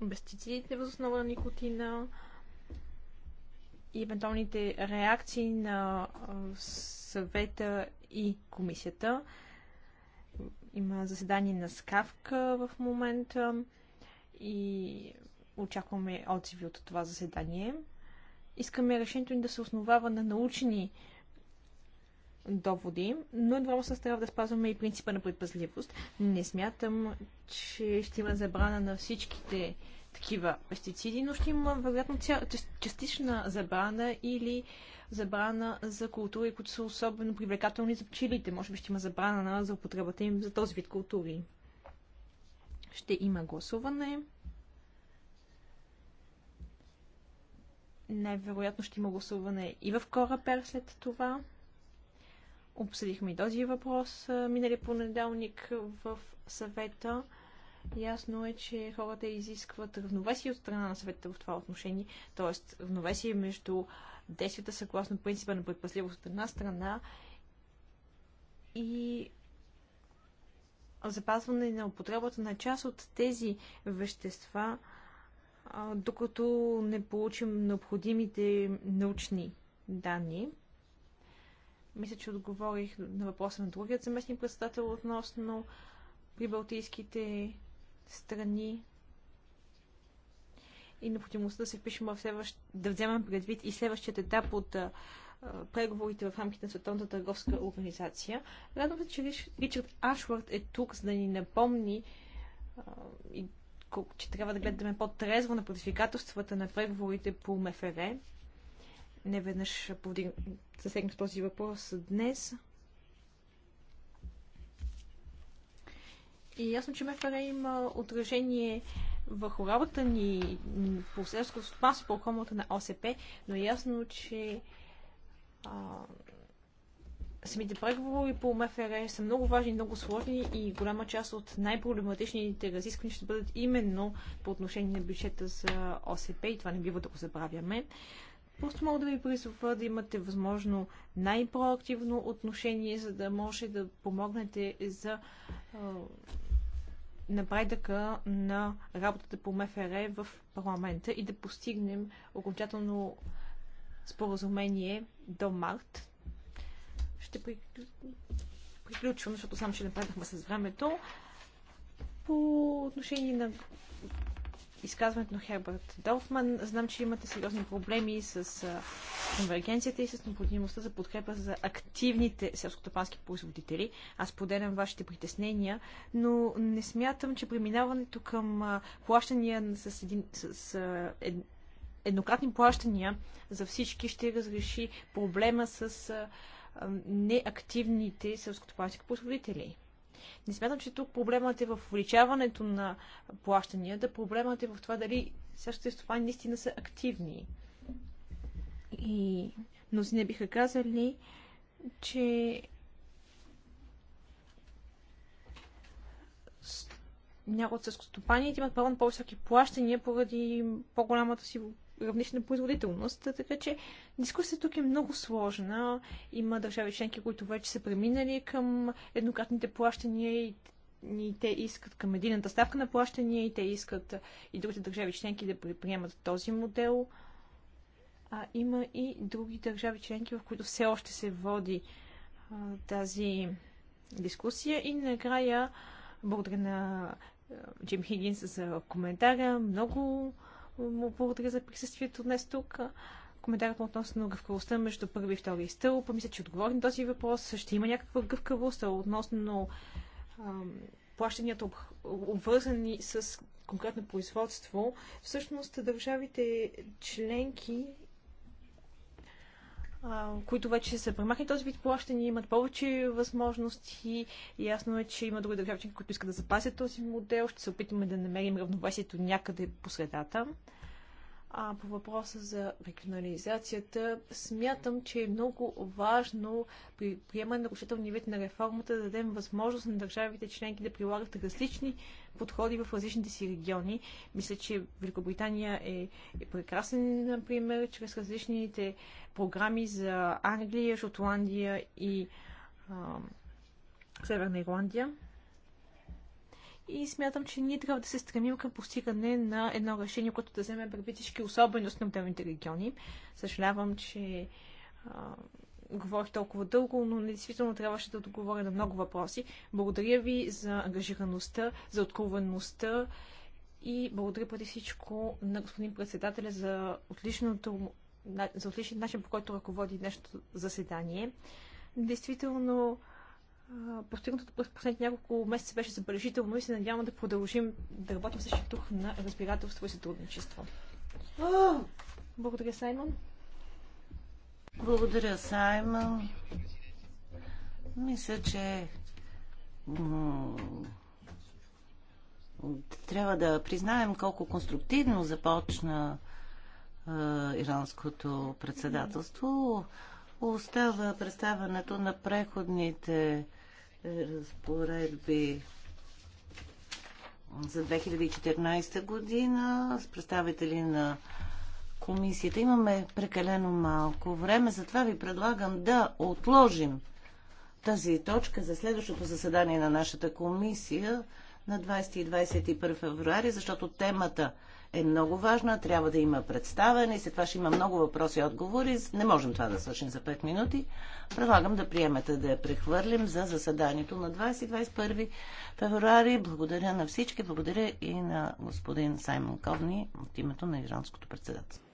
пестицидите въз основа на никотина и евентуалните реакции на съвета и комисията. Има заседание на Скавка в момента и очакваме отзиви от това заседание. Искаме решението ни да се основава на научни доводи, но едва се трябва да спазваме и принципа на предпазливост. Не смятам, че ще има забрана на всичките такива пестициди, но ще има вероятно ця... частична забрана или забрана за култури, които са особено привлекателни за пчелите. Може би ще има забрана за употребата им за този вид култури. Ще има гласуване. Най-вероятно ще има гласуване и в Корапер след това. Обсъдихме и този въпрос миналия понеделник в съвета. Ясно е, че хората изискват равновесие от страна на съвета в това отношение, т.е. равновесие между действията съгласно принципа на предпазливост от една страна и запазване на употребата на част от тези вещества, докато не получим необходимите научни данни. Мисля, че отговорих на въпроса на другият заместник председател относно прибалтийските страни и необходимостта да се впишем в следващ, да вземем предвид и следващият етап от а, преговорите в рамките на Световната търговска организация. Радвам се, че Ричард Ашвард е тук, за да ни напомни а, и че трябва да гледаме по-трезво на предизвикателствата на преговорите по МФР. Не веднъж засегнах този въпрос днес. И ясно, че МФР има отражение върху работа ни по селско стопанство, по околната на ОСП, но е ясно, че а, самите преговори по МФР са много важни, много сложни и голяма част от най-проблематичните разисквания ще бъдат именно по отношение на бюджета за ОСП и това не бива да го забравяме. Просто мога да ви призова да имате възможно най-проактивно отношение, за да може да помогнете за напредъка на работата по МФР в парламента и да постигнем окончателно споразумение до март, ще приключвам, защото сам ще нападнахме с времето. По отношение на изказването на Херберт Долфман, знам, че имате сериозни проблеми с конвергенцията и с необходимостта за подкрепа за активните селскотопански производители. Аз поделям вашите притеснения, но не смятам, че преминаването към плащания с, един, с, с ед, еднократни плащания за всички ще разреши проблема с неактивните селскотопански производители. Не смятам, че тук проблемът е в увеличаването на плащанията, проблемът е в това дали същите стопани наистина са активни. И не биха казали, че някои от селскостопаните имат право по-високи плащания поради по-голямата си равнище на производителност. Така че дискусията тук е много сложна. Има държави членки, които вече са преминали към еднократните плащания и и те искат към едината ставка на плащания и те искат и другите държави членки да приемат този модел. А има и други държави членки, в които все още се води а, тази дискусия. И накрая, благодаря на Джим Хигинс за коментара. Много му благодаря за присъствието днес тук. Коментарът му относно гъвкавостта между първи и втори стълб. Мисля, че отговори на този въпрос. Ще има някаква гъвкавост относно ам, плащанията, обвързани с конкретно производство. Всъщност, държавите членки които вече са премахнали този вид плащане, имат повече възможности. Ясно е, че има други държави, които искат да запазят този модел. Ще се опитаме да намерим равновесието някъде по средата. А по въпроса за регионализацията, смятам, че е много важно при приемане на решителния вид на реформата да дадем възможност на държавите членки да прилагат различни подходи в различните си региони. Мисля, че Великобритания е, е прекрасен, например, чрез различните програми за Англия, Шотландия и а, Северна Ирландия и смятам, че ние трябва да се стремим към постигане на едно решение, което да вземе предвид всички особености на отделните региони. Съжалявам, че а, говорих толкова дълго, но действително трябваше да отговоря на много въпроси. Благодаря ви за ангажираността, за откровеността и благодаря преди всичко на господин председателя за отличното за отличен начин, по който ръководи днешното заседание. Действително, постигнатото през последните няколко месеца беше забележително и се надявам да продължим да работим същия дух на разбирателство и сътрудничество. Благодаря, Саймон. Благодаря, Саймон. Мисля, че трябва да признаем колко конструктивно започна иранското председателство. Остава представянето на преходните разпоредби за 2014 година с представители на комисията. Имаме прекалено малко време, затова ви предлагам да отложим тази точка за следващото заседание на нашата комисия на 20 и 21 февруари, защото темата е много важна, трябва да има представяне и след това ще има много въпроси и отговори. Не можем това да свършим за 5 минути. Предлагам да приемете да я прехвърлим за заседанието на 20-21 февруари. Благодаря на всички, благодаря и на господин Саймон Ковни от името на Иранското председателство.